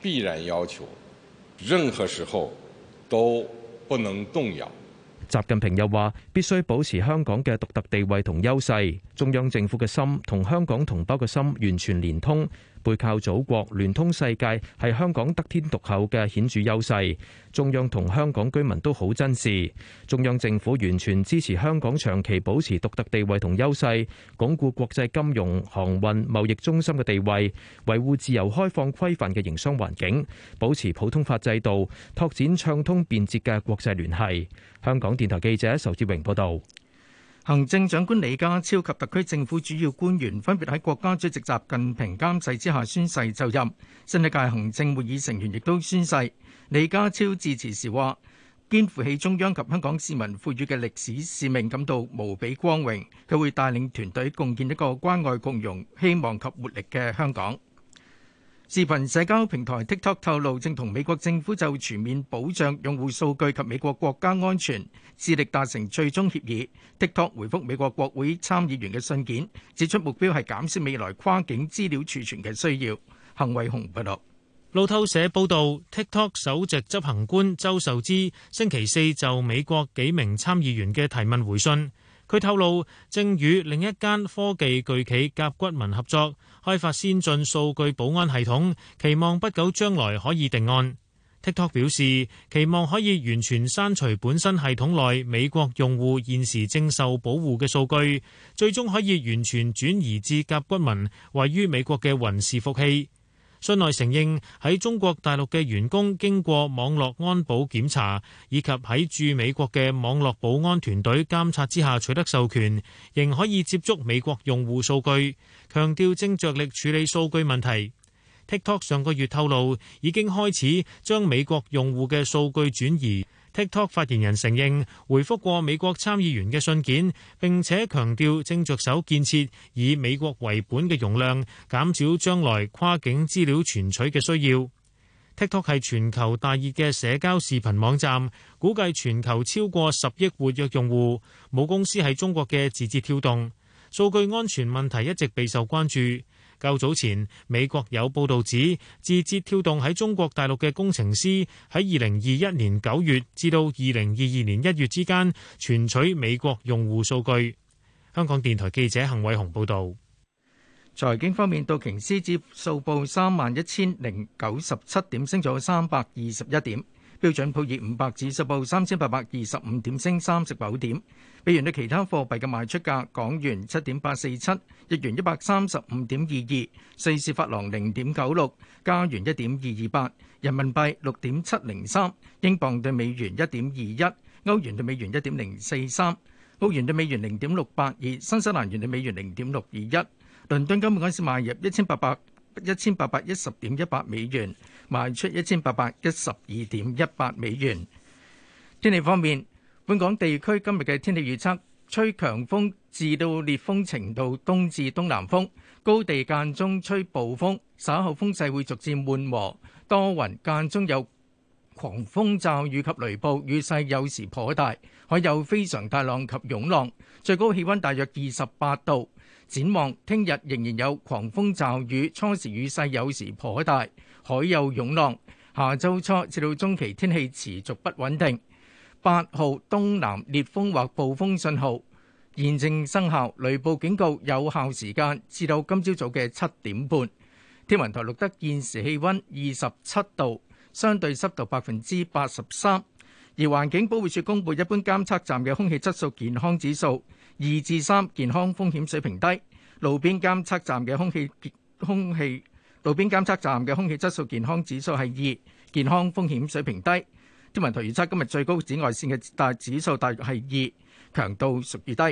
必然要求，任何時候都不能動搖。習近平又話：必須保持香港嘅獨特地位同優勢，中央政府嘅心同香港同胞嘅心完全連通。背靠祖國聯通世界係香港得天獨厚嘅顯著優勢，中央同香港居民都好珍視。中央政府完全支持香港長期保持獨特地位同優勢，鞏固國際金融、航運、貿易中心嘅地位，維護自由開放規範嘅營商環境，保持普通法制度，拓展暢通便捷嘅國際聯繫。香港電台記者仇志榮報道。行政長官李家超及特區政府主要官員分別喺國家主席習近平監誓之下宣誓就任，新一屆行政會議成員亦都宣誓。李家超致辭時話，肩負起中央及香港市民賦予嘅歷史使命，感到無比光榮。佢會帶領團隊共建一個關愛、共融、希望及活力嘅香港。視頻社交平台 TikTok 透露，正同美國政府就全面保障用戶數據及美國國家安全，致力達成最終協議。TikTok 回覆美國國會參議員嘅信件，指出目標係減少未來跨境資料儲存嘅需要。幸偉雄報道。路透社報導，TikTok 首席執行官周受資星期四就美國幾名參議員嘅提問回信，佢透露正與另一間科技巨企甲骨文合作。開發先進數據保安系統，期望不久將來可以定案。TikTok 表示期望可以完全刪除本身系統內美國用戶現時正受保護嘅數據，最終可以完全轉移至甲骨文位於美國嘅雲伺服器。信內承認喺中國大陸嘅員工經過網絡安保檢查，以及喺駐美國嘅網絡保安團隊監察之下取得授權，仍可以接觸美國用戶數據。強調正着力處理數據問題。TikTok 上個月透露已經開始將美國用戶嘅數據轉移。TikTok 發言人承認回覆過美國參議員嘅信件，並且強調正着手建設以美國為本嘅容量，減少將來跨境資料存取嘅需要。TikTok 係全球大熱嘅社交視頻網站，估計全球超過十億活躍用戶。母公司喺中國嘅字節跳動，數據安全問題一直備受關注。較早前，美國有報道指，字節跳動喺中國大陸嘅工程師喺二零二一年九月至到二零二二年一月之間，存取美國用戶數據。香港電台記者幸偉雄報道。財經方面，道瓊斯指數報三萬一千零九十七點，升咗三百二十一點；標準普爾500指數報三千八百二十五點，升三十九點。美元對其他貨幣嘅賣出價：港元七點八四七，日元一百三十五點二二，瑞士法郎零點九六，加元一點二二八，人民幣六點七零三，英鎊對美元一點二一，歐元對美元一點零四三，澳元對美元零點六八二，新西蘭元對美元零點六二一。倫敦金每盎司買入一千八百一千八百一十點一八美元，賣出一千八百一十二點一八美元。天氣方面。本港地區今日嘅天氣預測，吹強風至到烈風程度，東至東南風，高地間中吹暴風，稍後風勢會逐漸緩和，多雲間中有狂風驟雨及雷暴，雨勢有時頗大，海有非常大浪及湧浪，最高氣温大約二十八度。展望聽日仍然有狂風驟雨，初時雨勢有時頗大，海有湧浪。下週初至到中期天氣持續不穩定。八號東南烈風或暴風信號現正生效，雷暴警告有效時間至到今朝早嘅七點半。天文台錄得現時氣温二十七度，相對濕度百分之八十三。而環境保護署公布一般監測站嘅空氣質素健康指數二至三，健康風險水平低。路邊監測站嘅空氣，空氣，路邊監測站嘅空氣質素健康指數係二，健康風險水平低。天文台預測今日最高紫外線嘅大指數大約係二，強度屬於低。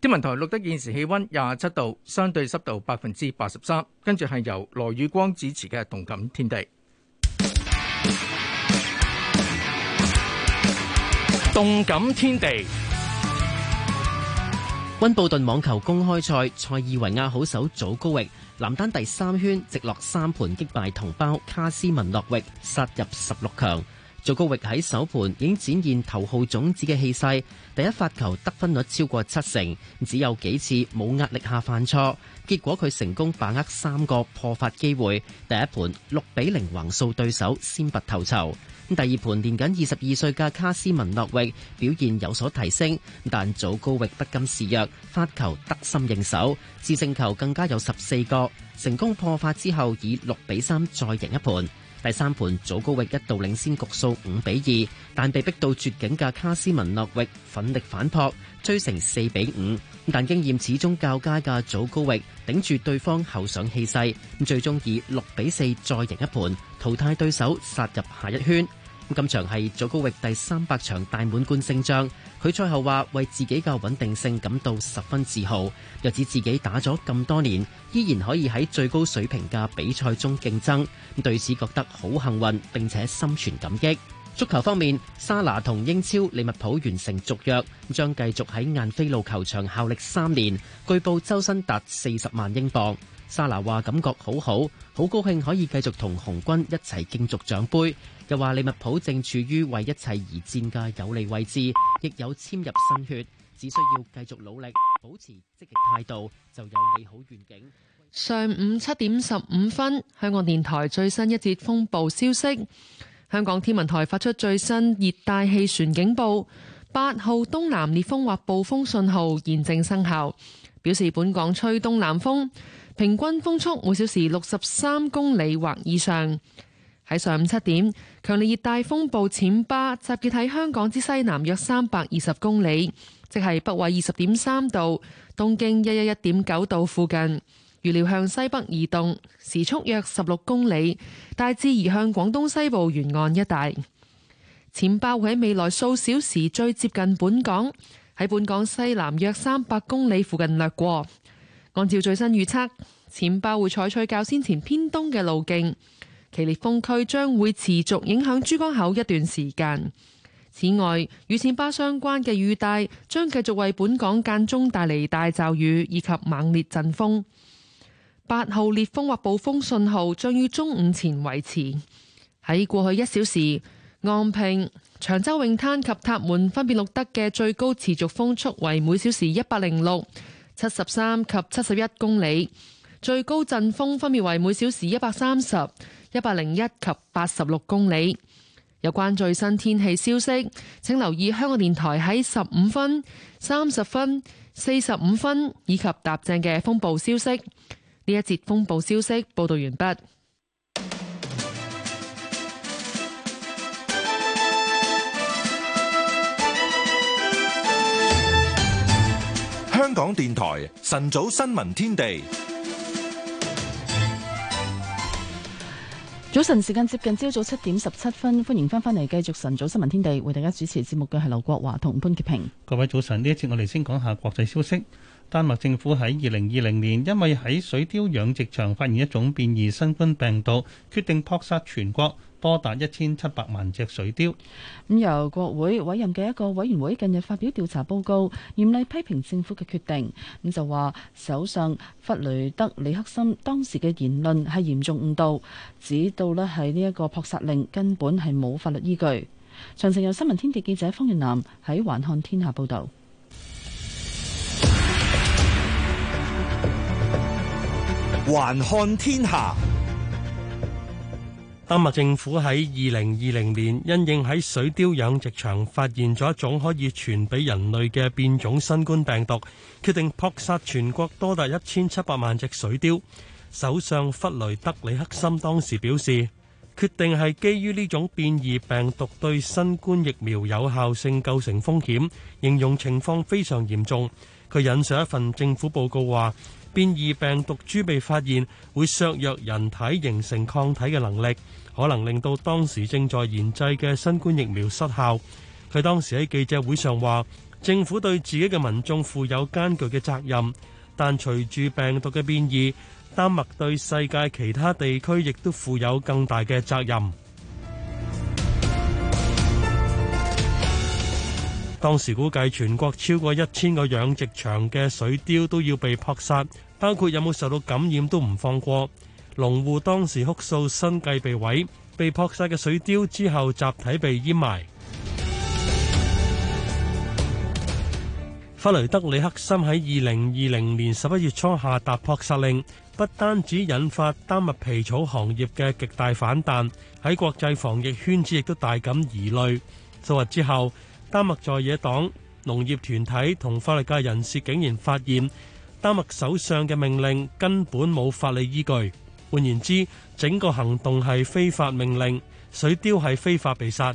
天文台錄得現時氣溫廿七度，相對濕度百分之八十三。跟住係由羅宇光主持嘅《動感天地》。《動感天地》溫布頓網球公開賽，塞爾維亞好手祖高域男單第三圈直落三盤擊敗同胞卡斯文諾域，殺入十六強。祖高域喺首盤已經展現頭號種子嘅氣勢，第一發球得分率超過七成，只有幾次冇壓力下犯錯，結果佢成功把握三個破發機會。第一盤六比零橫掃對手，先拔頭籌。第二盤年僅二十二歲嘅卡斯文諾域表現有所提升，但祖高域不甘示弱，發球得心應手，制勝球更加有十四個，成功破發之後以六比三再贏一盤。第三盤，早高域一度領先局數五比二，但被逼到絕境嘅卡斯文諾域奮力反撲，追成四比五。但經驗始終較佳嘅早高域頂住對方後上氣勢，最終以六比四再贏一盤，淘汰對手，殺入下一圈。今場係祖高域第三百場大滿貫勝仗。佢賽後話，為自己嘅穩定性感到十分自豪，又指自己打咗咁多年，依然可以喺最高水平嘅比賽中競爭。咁對此覺得好幸運，並且心存感激。足球方面，莎拿同英超利物浦完成續約，咁將繼續喺晏菲路球場效力三年，據報周薪達四十萬英鎊。莎拿話：感覺好好，好高興可以繼續同紅軍一齊競逐獎杯。又話利物浦正處於為一切而戰嘅有利位置，亦有簽入新血，只需要繼續努力，保持積極態度，就有美好願景。上午七點十五分，香港電台最新一節風暴消息，香港天文台發出最新熱帶氣旋警報，八號東南烈風或暴風信號現正生效，表示本港吹東南風，平均風速每小時六十三公里或以上。喺上午七點，強烈熱帶風暴暹芭集結喺香港之西南約三百二十公里，即係北緯二十點三度、東經一一一點九度附近。預料向西北移動，時速約十六公里，大致移向廣東西部沿岸一帶。暹芭會喺未來數小時最接近本港，喺本港西南約三百公里附近掠過。按照最新預測，暹芭會採取較先前偏東嘅路徑。其烈風區將會持續影響珠江口一段時間。此外，與颱巴相關嘅雨帶將繼續為本港間中帶嚟大驟雨以及猛烈陣風。八號烈風或暴風信號將於中午前維持。喺過去一小時，昂坪、長洲泳灘及塔門分別錄得嘅最高持續風速為每小時一百零六、七十三及七十一公里，最高陣風分別為每小時一百三十、一百零一及八十六公里。有關最新天氣消息，請留意香港電台喺十五分、三十分、四十五分以及踏正嘅風暴消息。呢一節風暴消息報道完畢。香港電台晨早新聞天地。早晨時間接近朝早七點十七分，歡迎翻返嚟繼續晨早新聞天地，為大家主持節目嘅係劉國華同潘潔平。各位早晨，呢一節我哋先講下國際消息。丹麥政府喺二零二零年，因為喺水貂養殖場發現一種變異新冠病毒，決定撲殺全國。多達一千七百萬隻水貂。咁、嗯、由國會委任嘅一個委員會近日發表調查報告，嚴厲批評政府嘅決定。咁、嗯、就話首相弗雷德里克森當時嘅言論係嚴重誤導，指到咧係呢一個撲殺令根本係冇法律依據。詳情由新聞天地記者方月南喺環看天下報道。環看天下。報丹麥政府喺二零二零年因應喺水貂養殖場發現咗一種可以傳俾人類嘅變種新冠病毒，決定撲殺全國多達一千七百萬隻水貂。首相弗雷德里克森當時表示，決定係基於呢種變異病毒對新冠疫苗有效性構成風險，形容情況非常嚴重。佢引述一份政府報告話。變異病毒株被發現會削弱人體形成抗體嘅能力，可能令到當時正在研製嘅新冠疫苗失效。佢當時喺記者會上話，政府對自己嘅民眾負有艱巨嘅責任，但隨住病毒嘅變異，丹麥對世界其他地區亦都負有更大嘅責任。當時估計全國超過一千個養殖場嘅水貂都要被撲殺，包括有冇受到感染都唔放過。農戶當時哭訴生計被毀，被撲殺嘅水貂之後集體被淹埋。弗 雷德里克森喺二零二零年十一月初下達撲殺令，不單止引發丹麥皮草行業嘅極大反彈，喺國際防疫圈子亦都大感疑慮。數日之後。丹麥在野黨、農業團體同法律界人士竟然發現，丹麥首相嘅命令根本冇法理依據。換言之，整個行動係非法命令，水貂係非法被殺。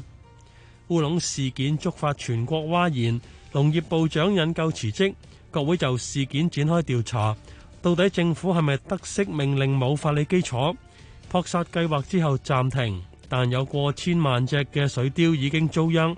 烏龍事件觸發全國嘩然，農業部長引咎辭職，國會就事件展開調查，到底政府係咪得悉命令冇法理基礎？撲殺計劃之後暫停，但有過千萬隻嘅水貂已經遭殃。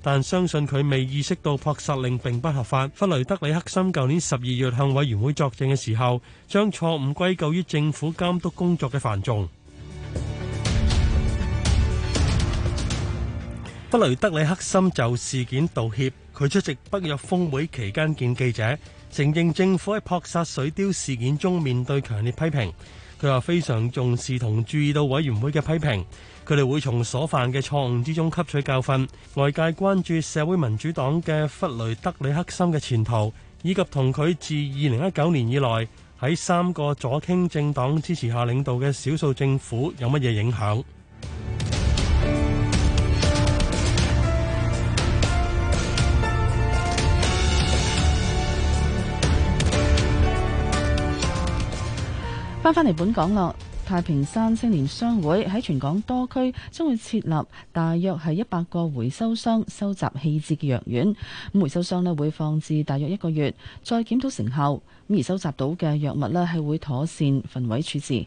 但相信佢未意識到撲殺令並不合法。弗雷德里克森舊年十二月向委員會作證嘅時候，將錯誤歸咎於政府監督工作嘅繁重。弗 雷德里克森就事件道歉，佢出席北約峰會期間見記者，承認政府喺撲殺水貂事件中面對強烈批評，佢話非常重視同注意到委員會嘅批評。佢哋會從所犯嘅錯誤之中吸取教訓。外界關注社會民主黨嘅弗雷德里克森嘅前途，以及同佢自二零一九年以來喺三個左傾政黨支持下領導嘅少數政府有乜嘢影響。翻翻嚟，本港咯。太平山青年商會喺全港多區將會設立大約係一百個回收箱，收集棄置嘅藥丸。咁回收箱呢會放置大約一個月，再檢討成效。咁而收集到嘅藥物呢，係會妥善焚毀處置。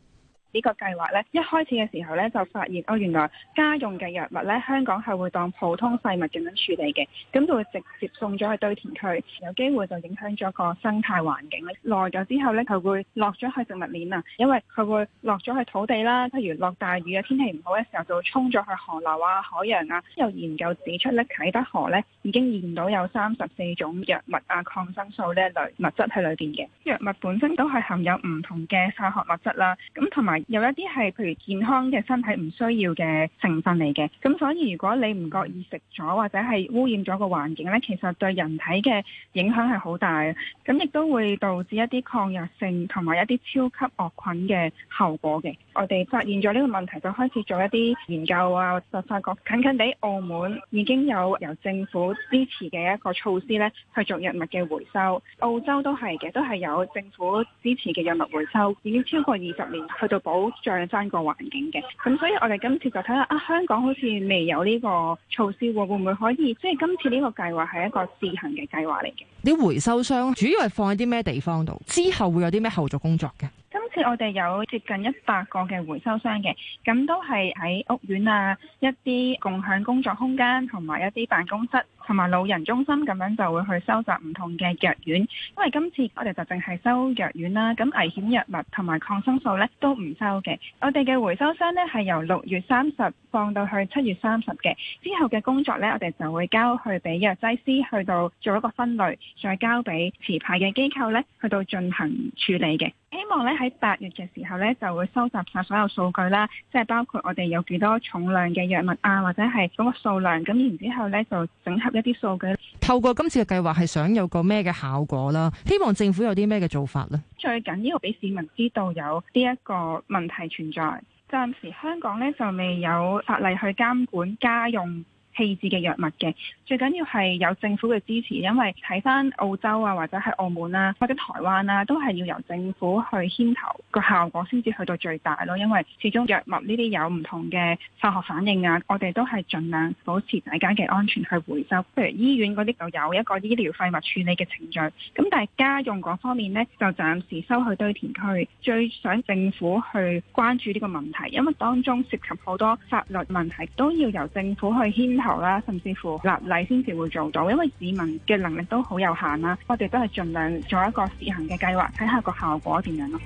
呢個計劃呢，一開始嘅時候呢，就發現哦，原來家用嘅藥物呢，香港係會當普通廢物咁樣處理嘅，咁就會直接送咗去堆填區，有機會就影響咗個生態環境。耐咗之後呢，佢會落咗去植物鏈食物鏈啊，因為佢會落咗去土地啦。譬如落大雨啊，天氣唔好嘅時候，就沖咗去河流啊、海洋啊。有研究指出呢，啟德河呢已經驗到有三十四種藥物啊、抗生素呢一類物質喺裏邊嘅。藥物本身都係含有唔同嘅化學物質啦，咁同埋，有一啲係譬如健康嘅身體唔需要嘅成分嚟嘅，咁所以如果你唔覺意食咗，或者係污染咗個環境呢，其實對人體嘅影響係好大，咁亦都會導致一啲抗藥性，同埋一啲超級惡菌嘅後果嘅。我哋發現咗呢個問題，就開始做一啲研究啊，就發覺近近地澳門已經有由政府支持嘅一個措施咧，去做藥物嘅回收。澳洲都係嘅，都係有政府支持嘅藥物回收，已經超過二十年，去到保障翻個環境嘅。咁所以我哋今次就睇下啊，香港好似未有呢個措施喎，會唔會可以？即係今次呢個計劃係一個試行嘅計劃嚟嘅。啲回收箱主要係放喺啲咩地方度？之後會有啲咩後續工作嘅？今次我哋有接近一百個嘅回收箱嘅，咁都係喺屋苑啊、一啲共享工作空間同埋一啲辦公室同埋老人中心，咁樣就會去收集唔同嘅藥丸。因為今次我哋就淨係收藥丸啦，咁危險藥物同埋抗生素呢都唔收嘅。我哋嘅回收箱呢係由六月三十放到去七月三十嘅，之後嘅工作呢，我哋就會交去俾藥劑師去到做一個分類，再交俾持牌嘅機構呢去到進行處理嘅。希望咧喺八月嘅時候咧，就會收集晒所有數據啦，即係包括我哋有幾多重量嘅藥物啊，或者係嗰個數量，咁然之後咧就整合一啲數據。透過今次嘅計劃係想有個咩嘅效果啦？希望政府有啲咩嘅做法咧？最緊要俾市民知道有呢一個問題存在。暫時香港咧就未有法例去監管家用。棄置嘅藥物嘅，最緊要係有政府嘅支持，因為睇翻澳洲啊，或者喺澳門啊，或者台灣啊，都係要由政府去牽頭，個效果先至去到最大咯。因為始終藥物呢啲有唔同嘅化學反應啊，我哋都係盡量保持大家嘅安全去回收。譬如醫院嗰啲就有一個醫療廢物處理嘅程序，咁但係家用方面呢，就暫時收去堆填區。最想政府去關注呢個問題，因為當中涉及好多法律問題，都要由政府去牽頭啦，甚至乎立例先至會做到，因為市民嘅能力都好有限啦。我哋都係盡量做一個試行嘅計劃，睇下個效果點樣咯。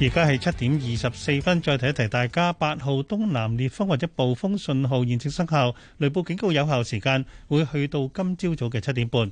而家係七點二十四分，再提一提大家，八號東南烈風或者暴風信號現正生效，雷暴警告有效時間會去到今朝早嘅七點半。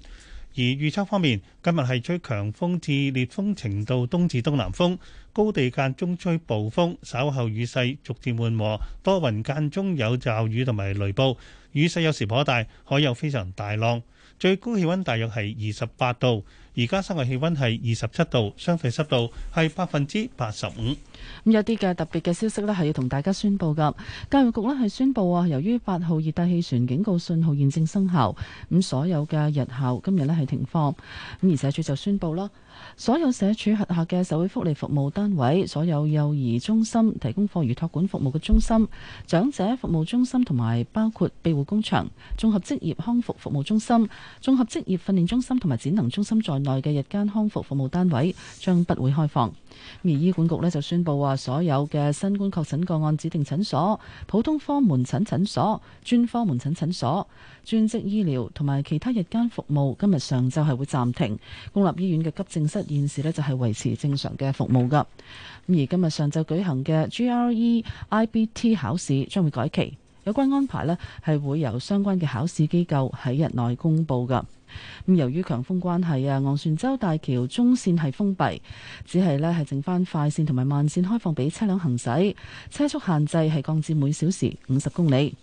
而預測方面，今日係吹強風至烈風程度東至東南風，高地間中吹暴風，稍後雨勢逐漸緩和，多雲間中有驟雨同埋雷暴，雨勢有時頗大，海有非常大浪。最高氣温大約係二十八度，而家室外氣温係二十七度，相對濕度係百分之八十五。咁、嗯、有啲嘅特別嘅消息呢，係要同大家宣布噶。教育局呢，係宣布啊，由於八號熱帶氣旋警告信號現正生效，咁、嗯、所有嘅日校今日呢係停課。咁、嗯、而社署就宣布啦，所有社署轄下嘅社會福利服務單位、所有幼兒中心提供課餘託管服務嘅中心、長者服務中心同埋包括庇護工場、綜合職業康復服務中心、綜合職業訓練中心同埋展能中心在內嘅日間康復服務單位將不會開放。而醫管局咧就宣布話，所有嘅新冠確診個案指定診所、普通科門診診所、專科門診診所、專職醫療同埋其他日間服務，今日上晝係會暫停。公立醫院嘅急症室現時咧就係維持正常嘅服務噶。而今日上晝舉行嘅 GRE IBT 考試將會改期，有關安排咧係會由相關嘅考試機構喺日內公布噶。咁由於強風關係啊，昂船洲大橋中線係封閉，只係咧係剩翻快線同埋慢線開放俾車輛行駛，車速限制係降至每小時五十公里。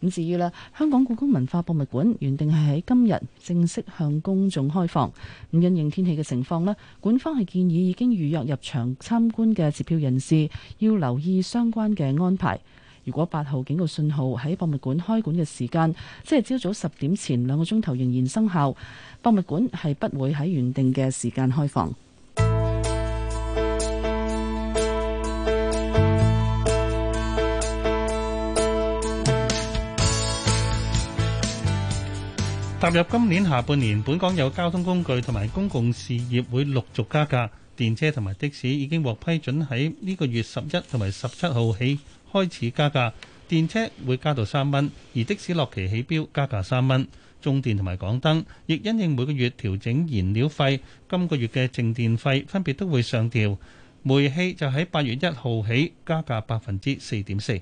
咁至於咧，香港故宮文化博物館原定係喺今日正式向公眾開放，咁因應天氣嘅情況咧，館方係建議已經預約入場參觀嘅持票人士要留意相關嘅安排。如果八號警告信號喺博物館開館嘅時間，即係朝早十點前兩個鐘頭，仍然生效，博物館係不會喺原定嘅時間開放。踏入今年下半年，本港有交通工具同埋公共事業會陸續加價，電車同埋的士已經獲批准喺呢個月十一同埋十七號起開始加價，電車會加到三蚊，而的士落旗起錶加價三蚊。中電同埋港燈亦因應每個月調整燃料費，今個月嘅淨電費分別都會上調。煤氣就喺八月一號起加價百分之四點四。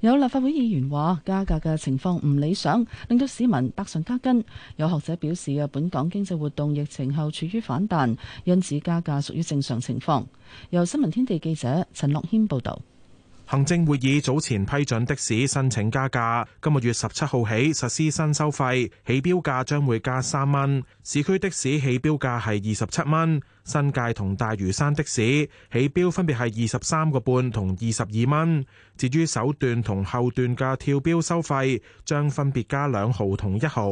有立法會議員話：加價嘅情況唔理想，令到市民百上加斤。有學者表示啊，本港經濟活動疫情後處於反彈，因此加價屬於正常情況。由新聞天地記者陳樂軒報導。行政會議早前批准的士申請加價，今個月十七號起實施新收費，起標價將會加三蚊。市區的士起標價係二十七蚊，新界同大嶼山的士起標分別係二十三個半同二十二蚊。至於首段同後段嘅跳標收費，將分別加兩毫同一毫。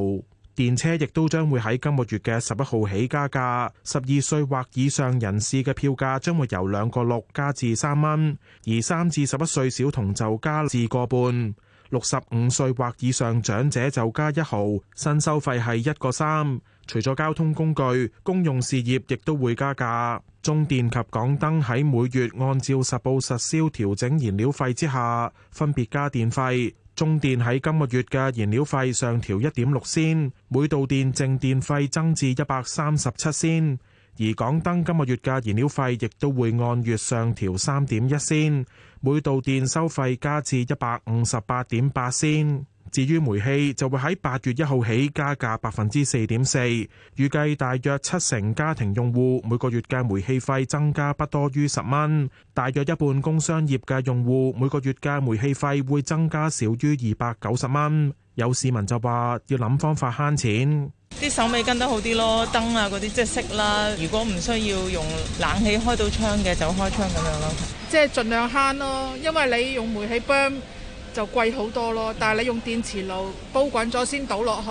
電車亦都將會喺今個月嘅十一號起加價，十二歲或以上人士嘅票價將會由兩個六加至三蚊，而三至十一歲小童就加至個半，六十五歲或以上長者就加一毫。新收費係一個三。除咗交通工具，公用事業亦都會加價。中電及港燈喺每月按照實報實銷調整燃料費之下，分別加電費。中電喺今個月嘅燃料費上調一點六仙，每度電淨電費增至一百三十七仙。而港燈今個月嘅燃料費亦都會按月上調三點一仙，每度電收費加至一百五十八點八仙。至於煤氣就會喺八月一號起加價百分之四點四，預計大約七成家庭用戶每個月嘅煤氣費增加不多於十蚊，大約一半工商業嘅用戶每個月嘅煤氣費會增加少於二百九十蚊。有市民就話要諗方法慳錢，啲手尾跟得好啲咯，燈啊嗰啲即係熄啦。如果唔需要用冷氣開到窗嘅就開窗咁樣咯，即係盡量慳咯，因為你用煤氣泵就貴好多咯，但係你用電磁爐煲滾咗先倒落去，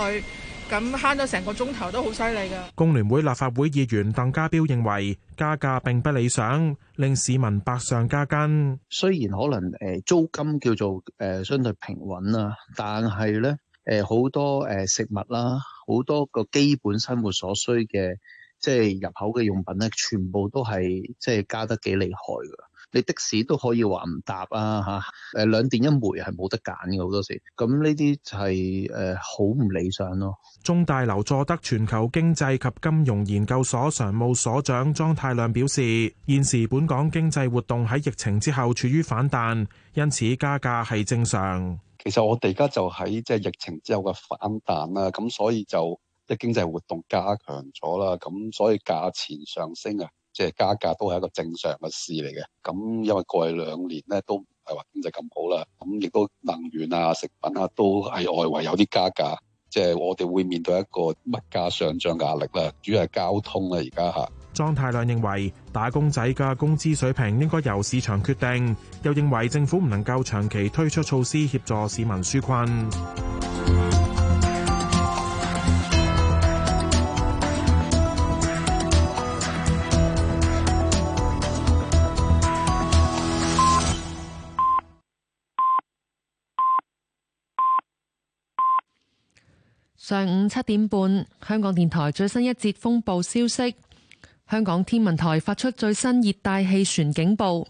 咁慳咗成個鐘頭都好犀利噶。工聯會立法會議員鄧家彪認為加價並不理想，令市民百上加斤。雖然可能誒租金叫做誒相對平穩啊，但係咧誒好多誒食物啦，好多個基本生活所需嘅即係入口嘅用品咧，全部都係即係加得幾厲害噶。你的士都可以話唔搭啊嚇！誒、啊、兩電一煤係冇得揀嘅好多時，咁呢啲就係誒好唔理想咯、啊。中大劉佐德全球經濟及金融研究所常務所長莊太量表示，現時本港經濟活動喺疫情之後處於反彈，因此加價係正常。其實我哋而家就喺即係疫情之後嘅反彈啦，咁所以就啲經濟活動加強咗啦，咁所以價錢上升啊！即係加價都係一個正常嘅事嚟嘅，咁因為過去兩年咧都唔係話經濟咁好啦，咁亦都能源啊、食品啊都係外圍有啲加價，即係我哋會面對一個物價上漲嘅壓力啦，主要係交通啦而家吓。莊太量認為打工仔嘅工資水平應該由市場決定，又認為政府唔能夠長期推出措施協助市民紓困。上午七點半，香港電台最新一節風暴消息。香港天文台發出最新熱帶氣旋警報，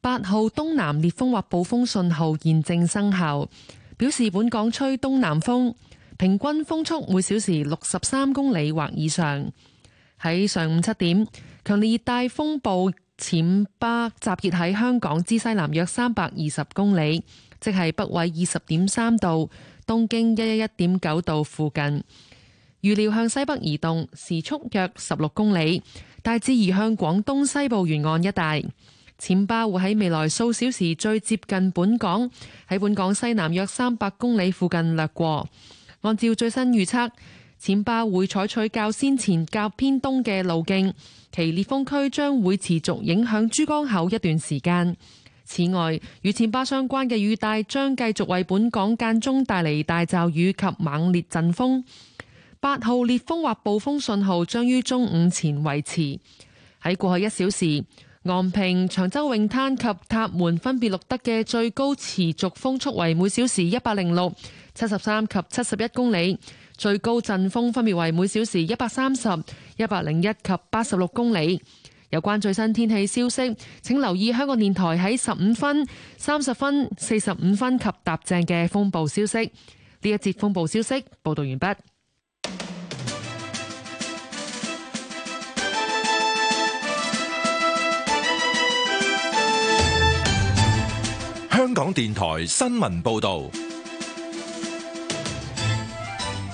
八號東南烈風或暴風信號現正生效，表示本港吹東南風，平均風速每小時六十三公里或以上。喺上午七點，強烈熱帶風暴淺巴集結喺香港之西南約三百二十公里，即係北緯二十點三度。東京一一一點九度附近，預料向西北移動，時速約十六公里，大致移向廣東西部沿岸一帶。潛巴會喺未來數小時最接近本港，喺本港西南約三百公里附近掠過。按照最新預測，潛巴會採取較先前較偏東嘅路徑，其裂風區將會持續影響珠江口一段時間。此外，與前巴相關嘅雨帶將繼續為本港間中帶嚟大驟雨及猛烈陣風。八號烈風或暴風信號將於中午前維持。喺過去一小時，昂坪、長洲泳灘及塔門分別錄得嘅最高持續風速為每小時一百零六、七十三及七十一公里，最高陣風分別為每小時一百三十、一百零一及八十六公里。有關最新天氣消息，請留意香港電台喺十五分、三十分、四十五分及踏正嘅風暴消息。呢一節風暴消息報道完畢。香港電台新聞報道。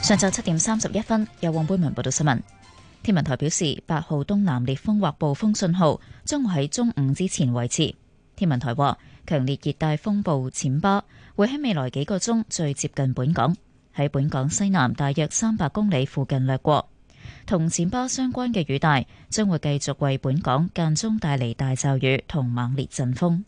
上晝七點三十一分，有黃佩文報道新聞。天文台表示，八號東南烈風或暴風信號將會喺中午之前維持。天文台話，強烈熱帶風暴淺巴會喺未來幾個鐘最接近本港，喺本港西南大約三百公里附近掠過。同淺巴相關嘅雨帶將會繼續為本港間中帶嚟大驟雨同猛烈陣風。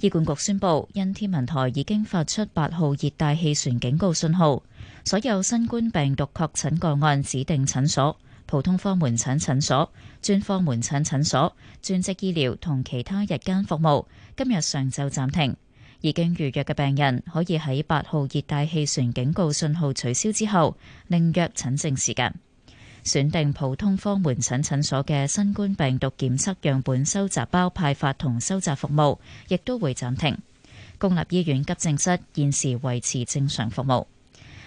醫管局宣布，因天文台已經發出八號熱帶氣旋警告信號。所有新冠病毒確診個案指定診所、普通科門診診所、專科門診診所、專職醫療同其他日間服務，今日上晝暫停。已經預約嘅病人可以喺八號熱帶氣旋警告信號取消之後，另約診症時間。選定普通科門診診所嘅新冠病毒檢測樣本收集包派發同收集服務，亦都會暫停。公立醫院急症室現時維持正常服務。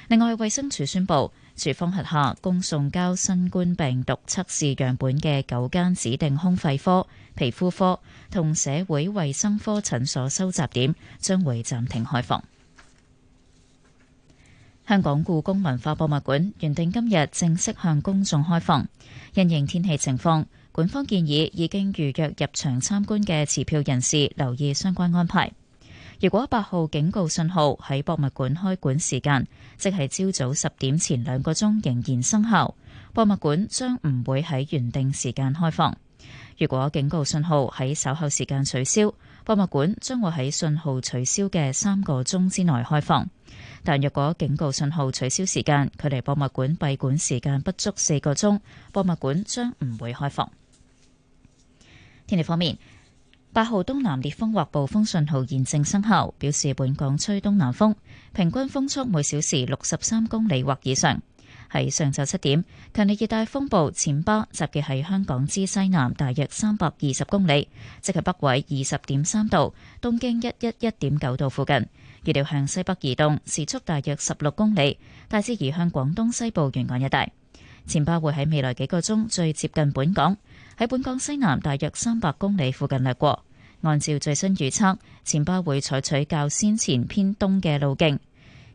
另外，衛生署宣布，處方轄下供送交新冠病毒測試樣本嘅九間指定胸肺科、皮膚科同社會衛生科診所收集點，將會暫停開放。香港故宮文化博物館原定今日正式向公眾開放，因應天氣情況，館方建議已經預約入場參觀嘅持票人士留意相關安排。如果八號警告信號喺博物館開館時間，即係朝早十點前兩個鐘仍然生效，博物館將唔會喺原定時間開放。如果警告信號喺稍後時間取消，博物館將會喺信號取消嘅三個鐘之內開放。但若果警告信號取消時間距離博物館閉館時間不足四個鐘，博物館將唔會開放。天氣方面。八號東南烈風或暴風信號現正生效，表示本港吹東南風，平均風速每小時六十三公里或以上。喺上晝七點，強烈熱帶風暴暹芭集結喺香港之西南，大約三百二十公里，即係北緯二十點三度、東經一一一點九度附近。預料向西北移動，時速大約十六公里，大致移向廣東西部沿岸一帶。暹芭會喺未來幾個鐘最接近本港。喺本港西南大約三百公里附近掠過。按照最新預測，前巴會採取較先前偏東嘅路徑，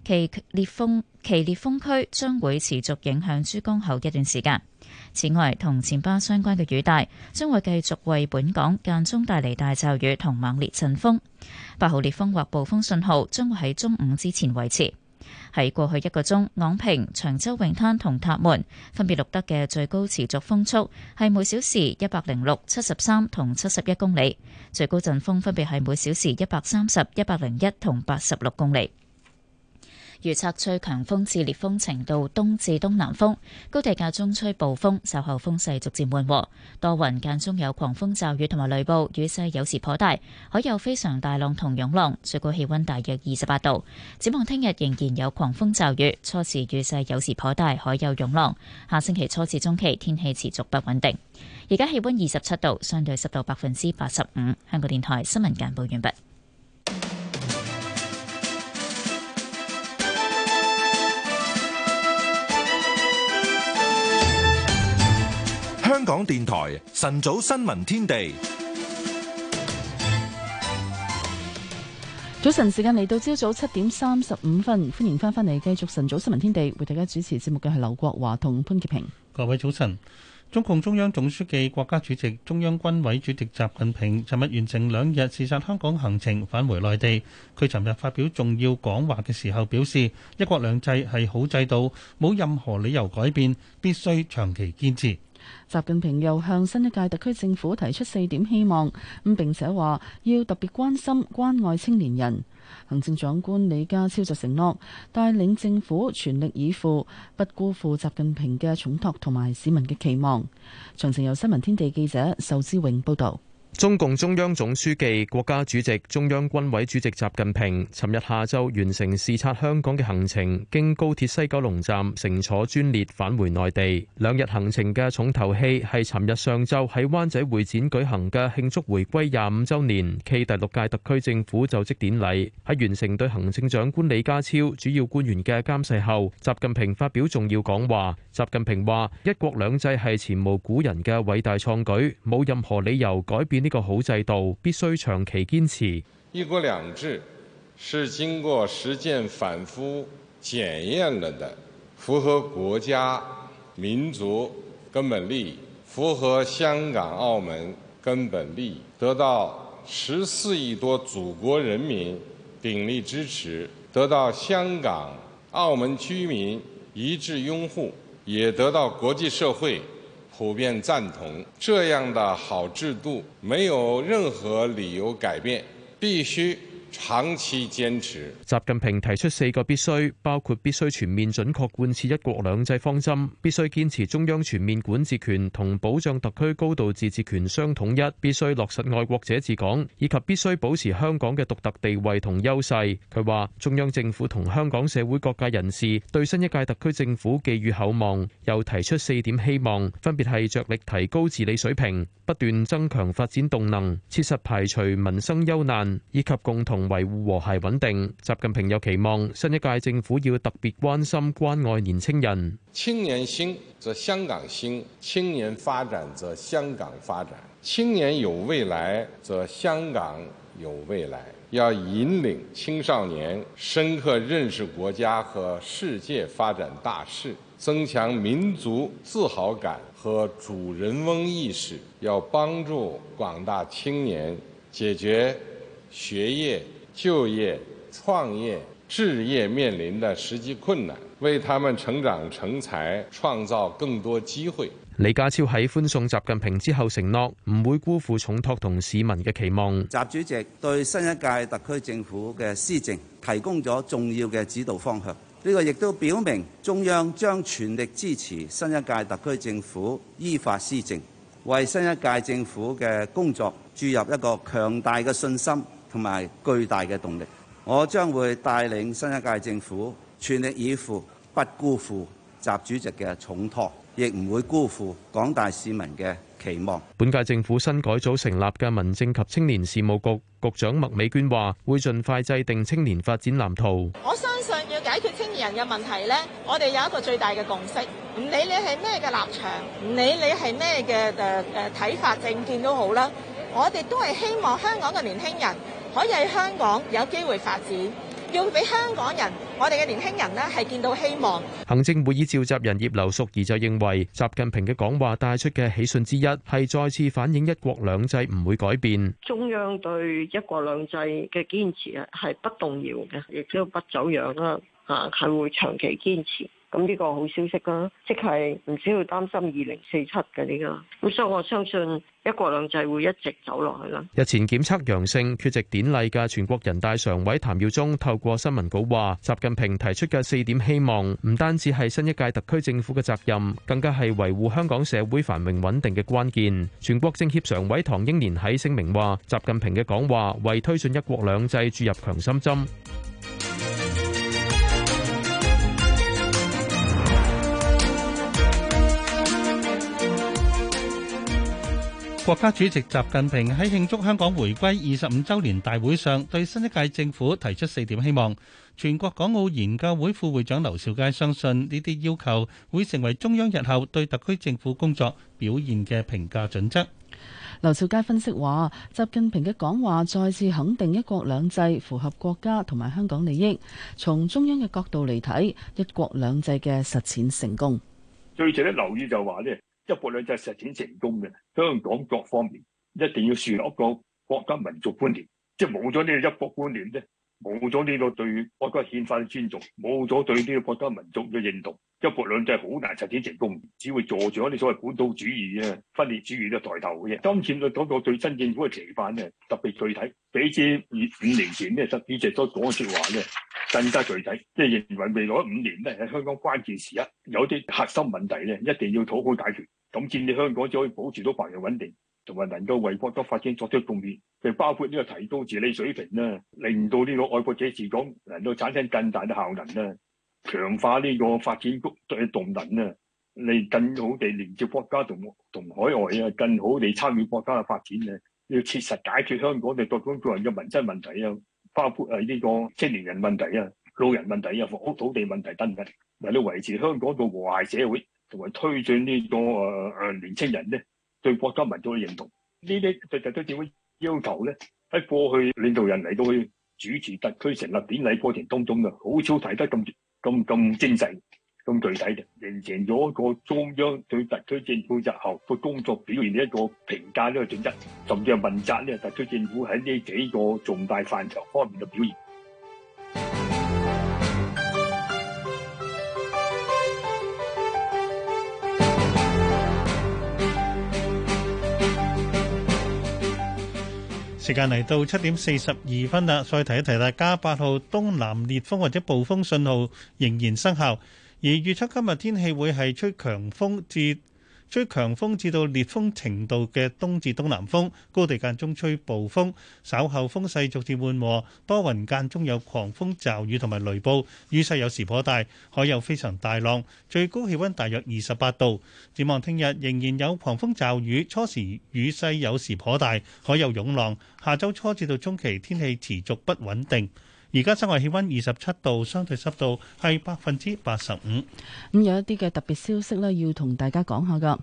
其烈風其烈風區將會持續影響珠江口一段時間。此外，同前巴相關嘅雨帶將會繼續為本港間中帶嚟大驟雨同猛烈陣風。八號烈風或暴風信號將會喺中午之前維持。喺過去一個鐘，昂坪、長洲泳灘同塔門分別錄得嘅最高持續風速係每小時一百零六、七十三同七十一公里，最高陣風分別係每小時一百三十、一百零一同八十六公里。預測最強風至烈風程度，東至東南風，高地間中吹暴風，稍後風勢逐漸緩和，多雲間中有狂風驟雨同埋雷暴，雨勢有時頗大，海有非常大浪同湧浪，最高氣溫大約二十八度。展望聽日仍然有狂風驟雨，初時雨勢有時頗大，海有湧浪。下星期初至中期天氣持續不穩定。而家氣溫二十七度，相對濕度百分之八十五。香港電台新聞簡報完畢。港電台晨早新聞天地，早晨時間嚟到，朝早七點三十五分，歡迎翻返嚟繼續晨早新聞天地。為大家主持節目嘅係劉國華同潘潔平。各位早晨！中共中央總書記、國家主席、中央軍委主席習近平尋日完成兩日視察香港行程，返回內地。佢尋日發表重要講話嘅時候，表示一國兩制係好制度，冇任何理由改變，必須長期堅持。習近平又向新一屆特區政府提出四點希望，咁並且話要特別關心關愛青年人。行政長官李家超就承諾帶領政府全力以赴，不辜負習近平嘅重託同埋市民嘅期望。詳情由新聞天地記者仇之永報道。中共中央總書記、國家主席、中央軍委主席習近平尋日下晝完成視察香港嘅行程，經高鐵西九龍站乘坐專列返回內地。兩日行程嘅重頭戲係尋日上晝喺灣仔會展舉行嘅慶祝回歸廿五週年暨第六屆特區政府就職典禮。喺完成對行政長官李家超主要官員嘅監誓後，習近平發表重要講話。習近平話：一國兩制係前無古人嘅偉大創舉，冇任何理由改變。呢個好制度必須長期堅持。一國兩制是經過實踐反覆檢驗了的，符合國家民族根本利益，符合香港澳門根本利益，得到十四億多祖國人民鼎力支持，得到香港澳門居民一致擁護，也得到國際社會。普遍贊同這樣的好制度，沒有任何理由改變，必須。長期堅持。習近平提出四個必須，包括必須全面準確貫徹一國兩制方針，必須堅持中央全面管治權同保障特區高度自治權相統一，必須落實愛國者治港，以及必須保持香港嘅獨特地位同優勢。佢話中央政府同香港社會各界人士對新一屆特區政府寄予厚望，又提出四點希望，分別係着力提高治理水平，不斷增強發展動能，切實排除民生憂難，以及共同。維護和諧穩定。習近平有期望，新一屆政府要特別關心關愛年輕人。青年興則香港興，青年發展則香港發展，青年有未來則香港有未來。要引領青少年深刻認識國家和世界發展大勢，增強民族自豪感和主人翁意識。要幫助廣大青年解決。學業、就業、創業、置業面臨的實際困難，為他們成長成才創造更多機會。李家超喺歡送習近平之後承諾，唔會辜負重託同市民嘅期望。習主席對新一屆特區政府嘅施政提供咗重要嘅指導方向，呢個亦都表明中央將全力支持新一屆特區政府依法施政，為新一屆政府嘅工作注入一個強大嘅信心。同埋巨大嘅動力，我將會帶領新一屆政府全力以赴，不辜負習習主席嘅重託，亦唔會辜負廣大市民嘅期望。本屆政府新改組成立嘅民政及青年事務局局長麥美娟話會盡快制定青年發展藍圖，我相信要解決青年人嘅問題咧，我哋有一個最大嘅共識，唔理你係咩嘅立場，唔理你係咩嘅誒誒睇法政見都好啦，我哋都係希望香港嘅年輕人。可以喺香港有機會發展，要俾香港人，我哋嘅年輕人呢，係見到希望。行政會議召集人葉劉淑儀就認為，習近平嘅講話帶出嘅喜訊之一係再次反映一國兩制唔會改變。中央對一國兩制嘅堅持係不動搖嘅，亦都不走樣啦，啊係會長期堅持。咁呢個好消息啦，即係唔需要擔心二零四七嗰啲啦。咁所以我相信一國兩制會一直走落去啦。日前檢測陽性缺席典禮嘅全國人大常委譚耀宗透過新聞稿話：習近平提出嘅四點希望，唔單止係新一屆特區政府嘅責任，更加係維護香港社會繁榮穩定嘅關鍵。全國政協常委唐英年喺聲明話：習近平嘅講話為推進一國兩制注入強心針。國家主席習近平喺慶祝香港回歸二十五周年大會上，對新一屆政府提出四點希望。全國港澳研究會副會長劉兆佳相信呢啲要求會成為中央日後對特區政府工作表現嘅評價準則。劉兆佳分析話，習近平嘅講話再次肯定一國兩制符合國家同埋香港利益。從中央嘅角度嚟睇，一國兩制嘅實踐成功。最值得留意就話咧。一國兩制實踐成功嘅香港各方面一定要樹立一個國家民族觀念，即係冇咗呢個一國觀念咧，冇咗呢個對國家憲法嘅尊重，冇咗對呢個國家民族嘅認同，一國兩制好難實踐成功，只會助長啲所謂本土主義啊、分裂主義嘅抬頭嘅。今次嘅嗰個對新政府嘅期盼咧，特別具體，比之五五年前咧習主席所講嘅説話咧更加具體，即係認為未來五年咧喺香港關鍵時刻有啲核心問題咧一定要討好解決。咁見到香港就可以保持到繁榮穩定，同埋能夠為國家發展作出貢獻，就包括呢個提高治理水平啦，令到呢個愛國者治港能夠產生更大嘅效能啦，強化呢個發展局嘅動能啦，嚟更好地連接國家同同海外啊，更好地參與國家嘅發展啊，要切實解決香港嘅各種各樣嘅民生問題啊，包括誒呢個青年人問題啊、老人問題啊、房屋土地問題等等，嚟你維持香港個和諧社會。同埋推進呢個誒誒年青人咧對國家民族嘅認同，呢啲特區政府要求咧，喺過去領導人嚟到去主持特區成立典禮過程當中嘅，好少睇得咁咁咁精細、咁具體嘅，形成咗一個中央對特區政府日後個工作表現嘅一個評價呢個準則，甚至係問責咧，特區政府喺呢幾個重大範疇方面嘅表現。時間嚟到七點四十二分啦，再提一提大家，八號東南烈風或者暴風信號仍然生效，而預測今日天氣會係吹強風至。吹強風至到烈風程度嘅東至東南風，高地間中吹暴風，稍後風勢逐漸緩和，多雲間中有狂風驟雨同埋雷暴，雨勢有時頗大，海有非常大浪，最高氣温大約二十八度。展望聽日仍然有狂風驟雨，初時雨勢有時頗大，海有湧浪。下週初至到中期天氣持續不穩定。而家室外氣溫二十七度，相對濕度係百分之八十五。咁、嗯、有一啲嘅特別消息咧，要同大家講下噶。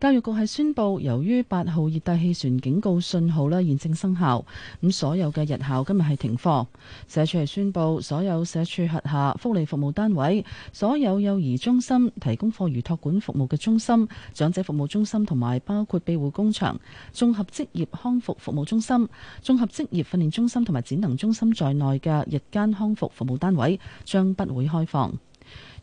教育局係宣布，由於八號熱帶氣旋警告信號咧現正生效，咁所有嘅日校今日係停課。社署係宣布，所有社署轄下福利服務單位、所有幼兒中心提供課餘托管服務嘅中心、長者服務中心同埋包括庇護工場、綜合職業康復服務中心、綜合職業訓練中心同埋展能中心在內嘅日間康復服務單位將不會開放。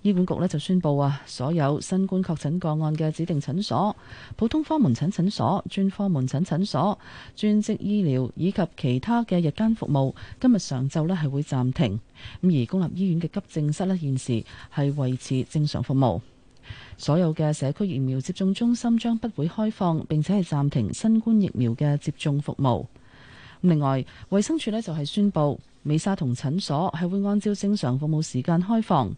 醫管局咧就宣布啊，所有新冠確診個案嘅指定診所、普通科門診診所、專科門診診所、專職醫療以及其他嘅日間服務，今日上晝咧係會暫停。咁而公立醫院嘅急症室咧現時係維持正常服務。所有嘅社區疫苗接種中心將不會開放，並且係暫停新冠疫苗嘅接種服務。另外，衛生署咧就係宣布美沙酮診所係會按照正常服務時間開放。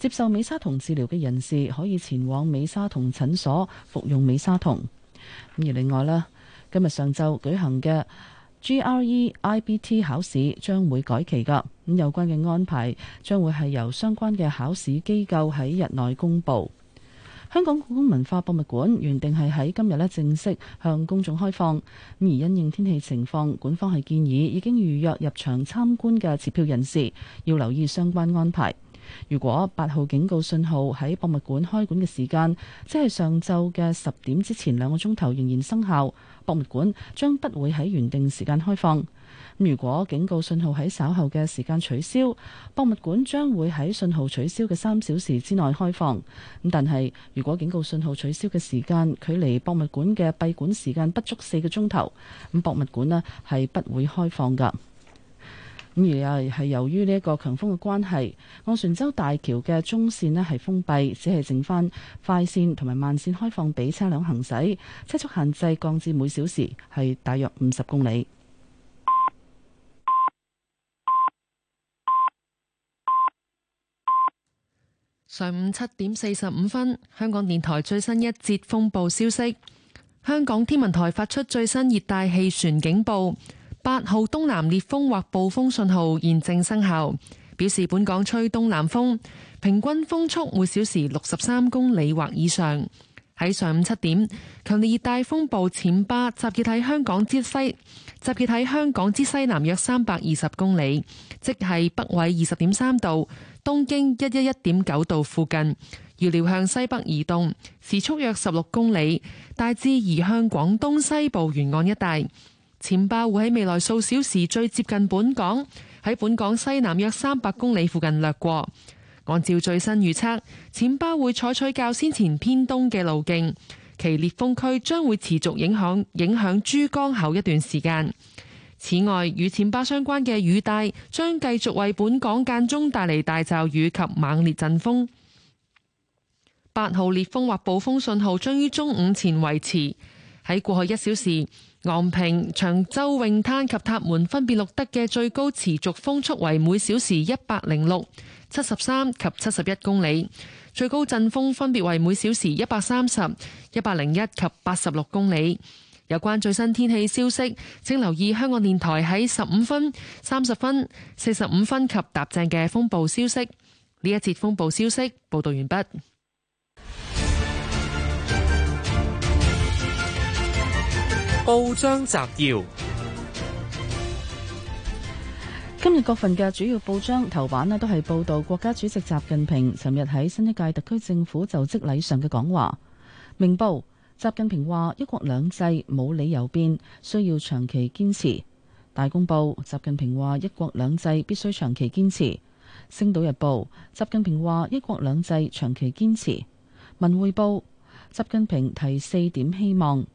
接受美沙酮治療嘅人士可以前往美沙酮診所服用美沙酮。咁而另外啦，今日上晝舉行嘅 GRE、IBT 考試將會改期㗎。咁有關嘅安排將會係由相關嘅考試機構喺日內公佈。香港故宮文化博物館原定係喺今日咧正式向公眾開放，咁而因應天氣情況，館方係建議已經預約入場參觀嘅持票人士要留意相關安排。如果八號警告信號喺博物館開館嘅時間，即係上晝嘅十點之前兩個鐘頭仍然生效，博物館將不會喺原定時間開放。如果警告信號喺稍後嘅時間取消，博物館將會喺信號取消嘅三小時之內開放。但係如果警告信號取消嘅時間距離博物館嘅閉館時間不足四個鐘頭，博物館呢係不會開放㗎。咁而係由於呢一個強風嘅關係，昂船洲大橋嘅中線呢係封閉，只係剩翻快線同埋慢線開放俾車輛行駛，車速限制降至每小時係大約五十公里。上午七點四十五分，香港電台最新一節風暴消息，香港天文台發出最新熱帶氣旋警報。八號東南烈風或暴風信號現正生效，表示本港吹東南風，平均風速每小時六十三公里或以上。喺上午七點，強烈熱帶風暴暹芭集結喺香港之西，集結喺香港之西南約三百二十公里，即係北緯二十點三度、東經一一一點九度附近。預料向西北移動，時速約十六公里，大致移向廣東西部沿岸一帶。暹芭會喺未來數小時最接近本港，喺本港西南約三百公里附近掠過。按照最新預測，暹芭會採取較先前偏東嘅路徑，其烈風區將會持續影響影響珠江口一段時間。此外，與暹芭相關嘅雨帶將繼續為本港間中帶嚟大驟雨及猛烈陣風。八號烈風或暴風信號將於中午前維持。喺過去一小時，昂坪、長洲、泳灘及塔門分別錄得嘅最高持續風速為每小時一百零六、七十三及七十一公里，最高陣風分別為每小時一百三十、一百零一及八十六公里。有關最新天氣消息，請留意香港電台喺十五分、三十分、四十五分及踏正嘅風暴消息。呢一節風暴消息報道完畢。報章摘要：今日各份嘅主要報章頭版呢，都係報道國家主席習近平尋日喺新一屆特區政府就職禮上嘅講話。明報：習近平話一國兩制冇理由變，需要長期堅持。大公報：習近平話一國兩制必須長期堅持。星島日報：習近平話一國兩制長期堅持。文匯報：習近平提四點希望。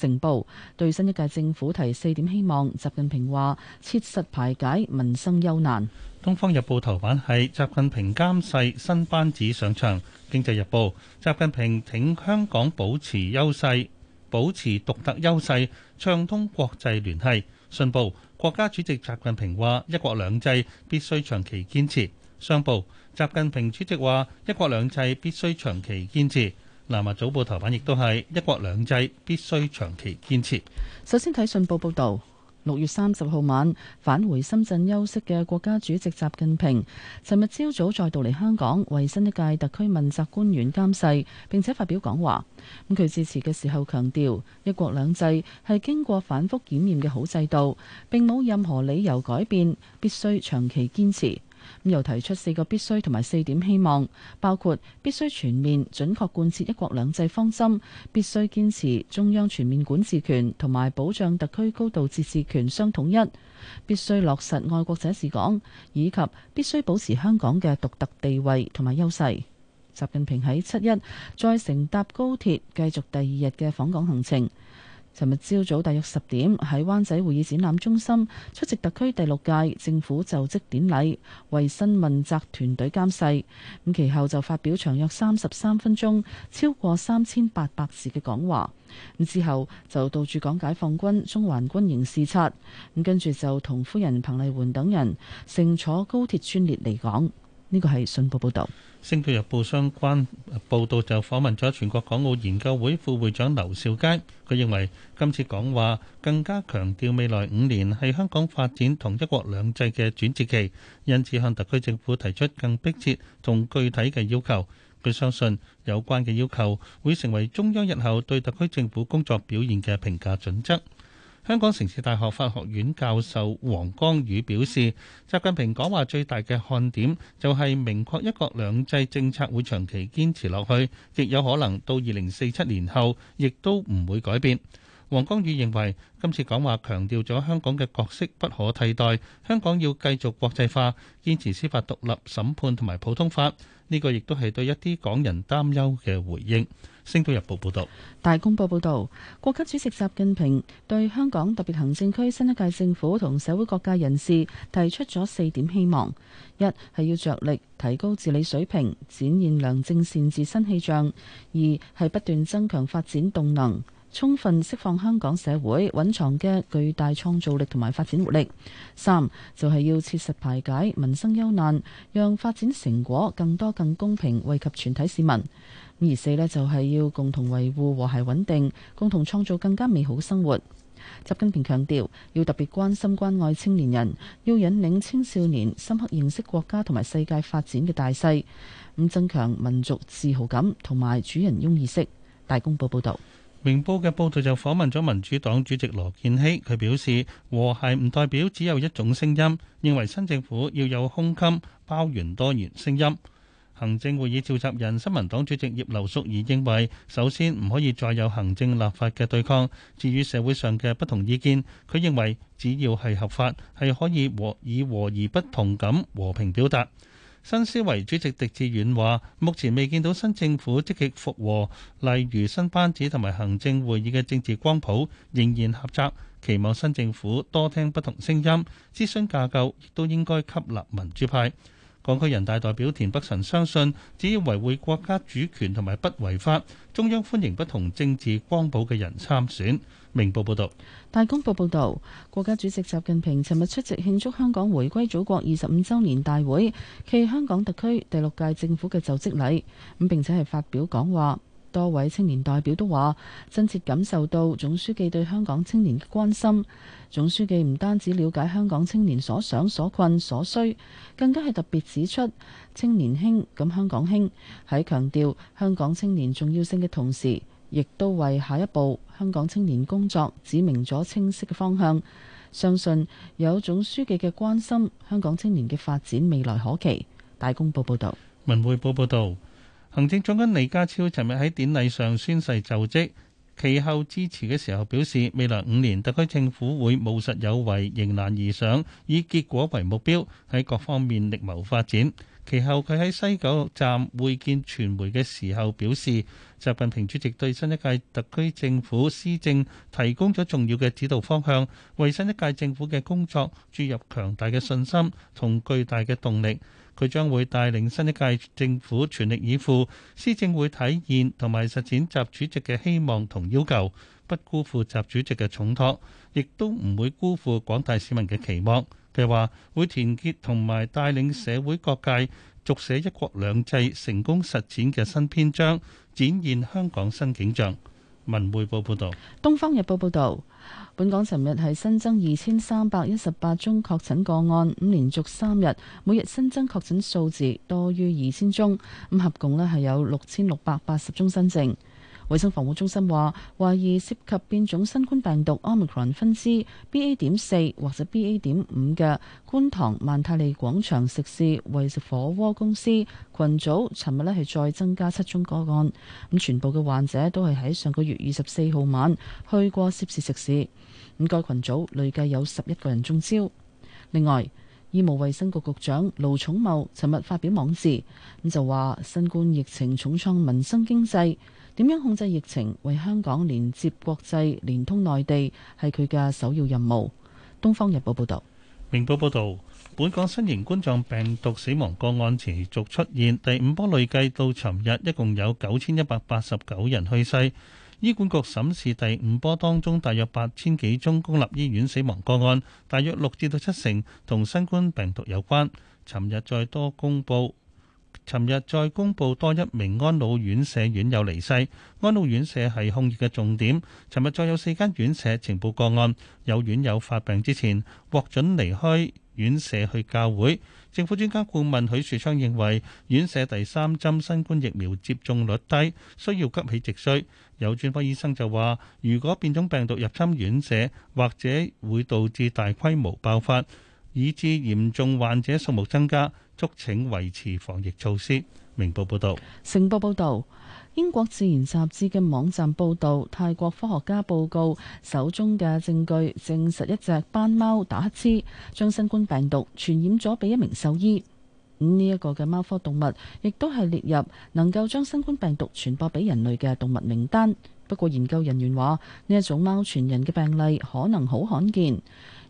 成報對新一屆政府提四點希望。習近平話：切實排解民生憂難。《東方日報》頭版係習近平監誓新班子上場。《經濟日報》習近平挺香港保持優勢，保持獨特優勢，暢通國際聯繫。信報國家主席習近平話：一國兩制必須長期堅持。商報習近平主席話：一國兩制必須長期堅持。南華早報頭版亦都係一國兩制必須長期堅持。首先睇信報報道，六月三十號晚返回深圳休息嘅國家主席習近平，尋日朝早再度嚟香港為新一屆特區問責官員監誓，並且發表講話。咁佢致辭嘅時候強調，一國兩制係經過反覆檢驗嘅好制度，並冇任何理由改變，必須長期堅持。又提出四個必須同埋四點希望，包括必須全面準確貫徹一國兩制方針，必須堅持中央全面管治權同埋保障特區高度自治權相統一，必須落實愛國者治港，以及必須保持香港嘅獨特地位同埋優勢。習近平喺七一再乘搭高鐵，繼續第二日嘅訪港行程。尋日朝早大約十點喺灣仔會議展覽中心出席特區第六屆政府就職典禮，為新問責團隊監誓。咁其後就發表長約三十三分鐘，超過三千八百字嘅講話。咁之後就到駐港解放軍中環軍營視察。咁跟住就同夫人彭麗媛等人乘坐高鐵專列離港。呢個係信報報道，《星島日報》相關報道就訪問咗全國港澳研究會副會長劉兆佳，佢認為今次講話更加強調未來五年係香港發展同一國兩制嘅轉折期，因此向特區政府提出更迫切同具體嘅要求。佢相信有關嘅要求會成為中央日後對特區政府工作表現嘅評價準則。香港城市大學法學院教授黃光宇表示，習近平講話最大嘅看點就係明確一國兩制政策會長期堅持落去，亦有可能到二零四七年後亦都唔會改變。黃光宇認為，今次講話強調咗香港嘅角色不可替代，香港要繼續國際化，堅持司法獨立審判同埋普通法，呢個亦都係對一啲港人擔憂嘅回應。《星島日報》報道，《大公報》報道，國家主席習近平對香港特別行政區新一屆政府同社會各界人士提出咗四點希望：一係要着力提高治理水平，展現良政善治新氣象；二係不斷增強發展動能。充分釋放香港社會藴藏嘅巨大創造力同埋發展活力。三就係要切實排解民生憂難，讓發展成果更多更公平惠及全體市民。而四呢，就係要共同維護和諧穩定，共同創造更加美好嘅生活。習近平強調，要特別關心關愛青年人，要引領青少年深刻認識國家同埋世界發展嘅大勢，咁增強民族自豪感同埋主人翁意識。大公報報導。明報嘅報道就訪問咗民主黨主席羅健熙，佢表示和諧唔代表只有一種聲音，認為新政府要有胸襟，包容多元聲音。行政會議召集人新民黨主席葉劉淑儀認為，首先唔可以再有行政立法嘅對抗，至於社會上嘅不同意見，佢認為只要係合法，係可以和以和而不同咁和平表達。新思維主席狄志遠話：目前未見到新政府積極復和，例如新班子同埋行政會議嘅政治光譜仍然狹窄。期望新政府多聽不同聲音，諮詢架構亦都應該吸納民主派。港區人大代表田北辰相信，只要維護國家主權同埋不違法，中央歡迎不同政治光譜嘅人參選。明報報導，大公報報導，國家主席習近平尋日出席慶祝香港回歸祖國二十五週年大會，暨香港特區第六屆政府嘅就職禮，咁並且係發表講話。多位青年代表都話，真切感受到總書記對香港青年嘅關心。總書記唔單止了解香港青年所想、所困、所需，更加係特別指出，青年興咁香港興。喺強調香港青年重要性嘅同時，亦都為下一步香港青年工作指明咗清晰嘅方向，相信有總書記嘅關心，香港青年嘅發展未來可期。大公報報道，文匯報報道，行政長官李家超尋日喺典禮上宣誓就職，其後支持嘅時候表示，未來五年特區政府會務實有為，迎難而上，以結果為目標，喺各方面力謀發展。其後，佢喺西九站會見傳媒嘅時候表示，習近平主席對新一屆特區政府施政提供咗重要嘅指導方向，為新一屆政府嘅工作注入強大嘅信心同巨大嘅動力。佢將會帶領新一屆政府全力以赴，施政會體現同埋實踐習主席嘅希望同要求，不辜負習主席嘅重託，亦都唔會辜負廣大市民嘅期望。佢話會團結同埋帶領社會各界，續寫一國兩制成功實踐嘅新篇章，展現香港新景象。文匯報報道。東方日報報道，本港尋日係新增二千三百一十八宗確診個案，咁連續三日每日新增確診數字多於二千宗，咁合共咧係有六千六百八十宗新症。衛生防護中心話，懷疑涉及變種新冠病毒 omicron 分支 B A. 點四或者 B A. 點五嘅觀塘萬泰利廣場食肆為食火鍋公司群組，尋日咧係再增加七宗個案，咁全部嘅患者都係喺上個月二十四號晚去過涉事食肆。咁該群組累計有十一個人中招。另外，醫務衛生局局，局長盧寵茂尋日發表網誌咁就話，新冠疫情重創民生經濟。點樣控制疫情，為香港連接國際、連通內地，係佢嘅首要任務。《東方日報》報道。《明報》報道，本港新型冠狀病毒死亡個案持續出現，第五波累計到尋日一共有九千一百八十九人去世。醫管局審視第五波當中大約八千幾宗公立醫院死亡個案，大約六至到七成同新冠病毒有關。尋日再多公佈。尋日再公布多一名安老院舍院友離世，安老院舍係控疫嘅重點。尋日再有四間院舍呈報個案，有院友發病之前獲准離開院舍去教會。政府專家顧問許樹昌認為，院舍第三針新冠疫苗接種率低，需要急起直追。有專科醫生就話，如果變種病毒入侵院舍，或者會導致大規模爆發，以致嚴重患者數目增加。促請維持防疫措施。明報報導，成報報導，英國自然雜誌嘅網站報導，泰國科學家報告手中嘅證據證實一隻，一隻斑貓打乞嗤，將新冠病毒傳染咗俾一名獸醫。呢、嗯、一、這個嘅貓科動物，亦都係列入能夠將新冠病毒傳播俾人類嘅動物名單。不過，研究人員話呢一種貓傳人嘅病例可能好罕見。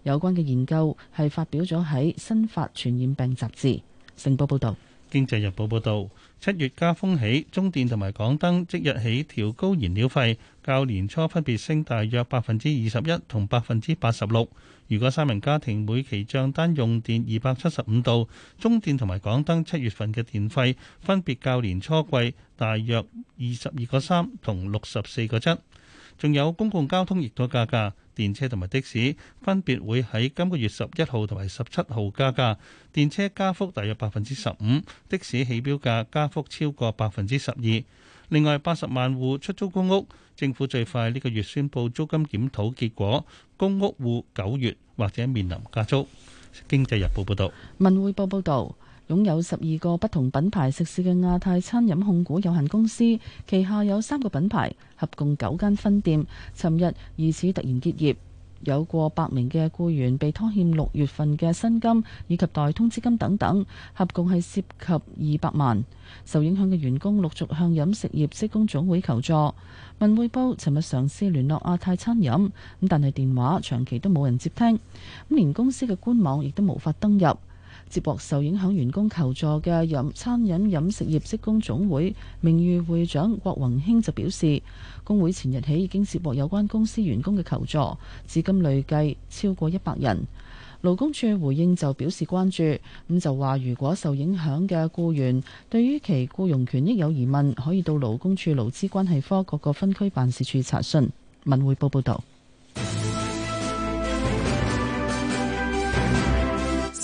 有關嘅研究係發表咗喺《新發傳染病雜誌》。成報報道，經濟日報報道，七月加風起，中電同埋港燈即日起調高燃料費，較年初分別升大約百分之二十一同百分之八十六。如果三名家庭每期賬單用電二百七十五度，中電同埋港燈七月份嘅電費分別較年初貴大約二十二個三同六十四個七。仲有公共交通亦都加價。電車同埋的士分別會喺今個月十一號同埋十七號加價，電車加幅大約百分之十五，的士起標價加幅超過百分之十二。另外，八十萬戶出租公屋，政府最快呢個月宣布租金檢討結果，公屋戶九月或者面臨加租。經濟日報報道。文匯報報導。擁有十二個不同品牌食肆嘅亞太餐飲控股有限公司，旗下有三個品牌，合共九間分店，尋日疑似突然結業，有過百名嘅僱員被拖欠六月份嘅薪金以及代通知金等等，合共係涉及二百萬。受影響嘅員工陸續向飲食業職工總會求助。文匯報尋日嘗試聯絡亞太餐飲，咁但係電話長期都冇人接聽，咁連公司嘅官網亦都無法登入。接獲受影響員工求助嘅飲餐飲飲食業職工總會名譽會長郭宏興就表示，工會前日起已經接獲有關公司員工嘅求助，至今累計超過一百人。勞工處回應就表示關注，咁就話如果受影響嘅雇員對於其僱用權益有疑問，可以到勞工處勞資關係科各個分區辦事處查詢。文匯報報道。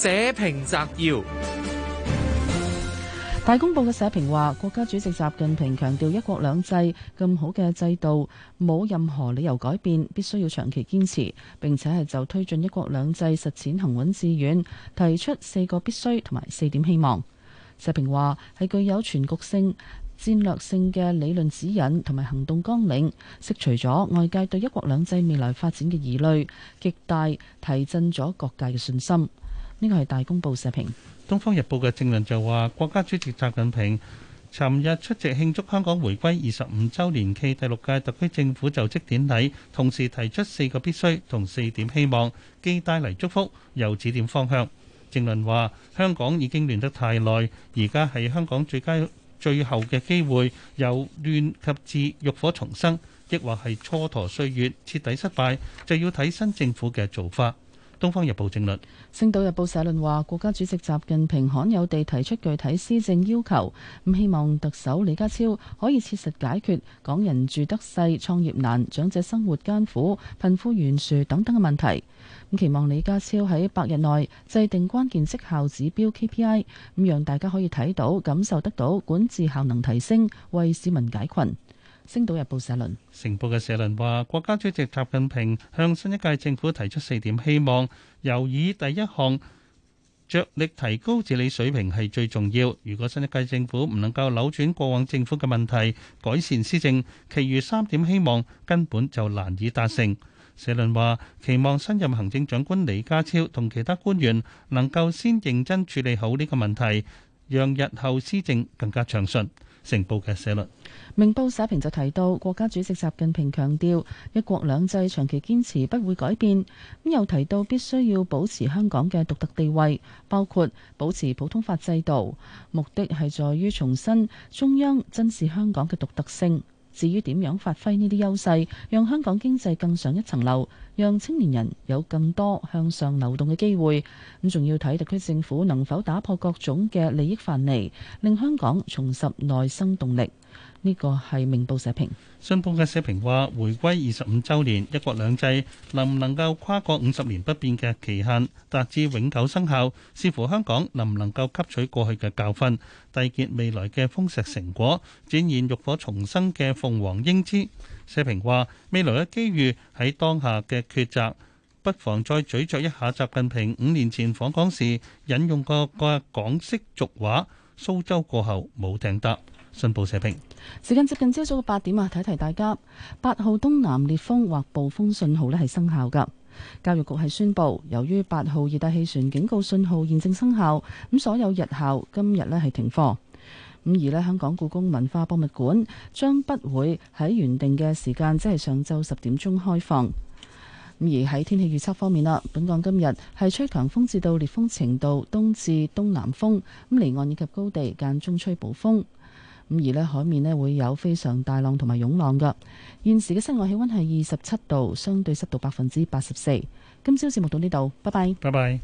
社評摘要：大公報嘅社評話，國家主席習近平強調一國兩制咁好嘅制度冇任何理由改變，必須要長期堅持，並且係就推進一國兩制實踐行穩致遠提出四個必須同埋四點希望。社評話，係具有全局性、戰略性嘅理論指引同埋行動綱領，釋除咗外界對一國兩制未來發展嘅疑慮，極大提振咗各界嘅信心。呢個係大公報社評，《東方日報》嘅正論就話，國家主席習近平尋日出席慶祝香港回歸二十五週年暨第六屆特區政府就職典禮，同時提出四個必須同四點希望，既帶嚟祝福又指點方向。正論話，香港已經亂得太耐，而家係香港最佳最後嘅機會，由亂及治，浴火重生，亦或係蹉跎歲月，徹底失敗，就要睇新政府嘅做法。《東方日報》政論，《星島日報》社論話：國家主席習近平罕有地提出具體施政要求，咁希望特首李家超可以切實解決港人住得細、創業難、長者生活艱苦、貧富懸殊等等嘅問題。咁期望李家超喺百日內制定關鍵績效指標 KPI，咁讓大家可以睇到、感受得到管治效能提升，為市民解困。《星島日報》社論，成報嘅社論話：國家主席習近平向新一屆政府提出四點希望，尤以第一項着力提高治理水平係最重要。如果新一屆政府唔能夠扭轉過往政府嘅問題，改善施政，其餘三點希望根本就難以達成。社論話：期望新任行政長官李家超同其他官員能夠先認真處理好呢個問題，讓日後施政更加暢順。成報嘅社論。明報社評就提到，國家主席習近平強調一國兩制長期堅持不會改變，咁又提到必須要保持香港嘅獨特地位，包括保持普通法制度，目的係在於重申中央珍視香港嘅獨特性。至於點樣發揮呢啲優勢，讓香港經濟更上一層樓，讓青年人有更多向上流動嘅機會，咁仲要睇特區政府能否打破各種嘅利益藩籬，令香港重拾內生動力。呢個係明報社評，信報嘅社評話：回歸二十五週年，一國兩制能唔能夠跨過五十年不變嘅期限，達至永久生效，視乎香港能唔能夠吸取過去嘅教訓，締結未來嘅豐碩成果，展現浴火重生嘅鳳凰英姿。社評話：未來嘅機遇喺當下嘅抉擇，不妨再咀嚼一下習近平五年前訪港時引用過嘅港式俗話：蘇州過後冇艇搭。新報社兵時間接近朝早嘅八點啊，提提大家八號東南烈風或暴風信號呢係生效噶。教育局係宣布，由於八號熱帶氣旋警告信號現正生效，咁所有日校今日呢係停課。咁而咧，香港故宮文化博物館將不會喺原定嘅時間，即係上晝十點鐘開放。咁而喺天氣預測方面啦，本港今日係吹強風至到烈風程度，東至東南風咁，離岸以及高地間中吹暴風。咁而呢，海面呢會有非常大浪同埋湧浪㗎。現時嘅室外氣溫係二十七度，相對濕度百分之八十四。今朝嘅節目到呢度，拜拜。拜拜。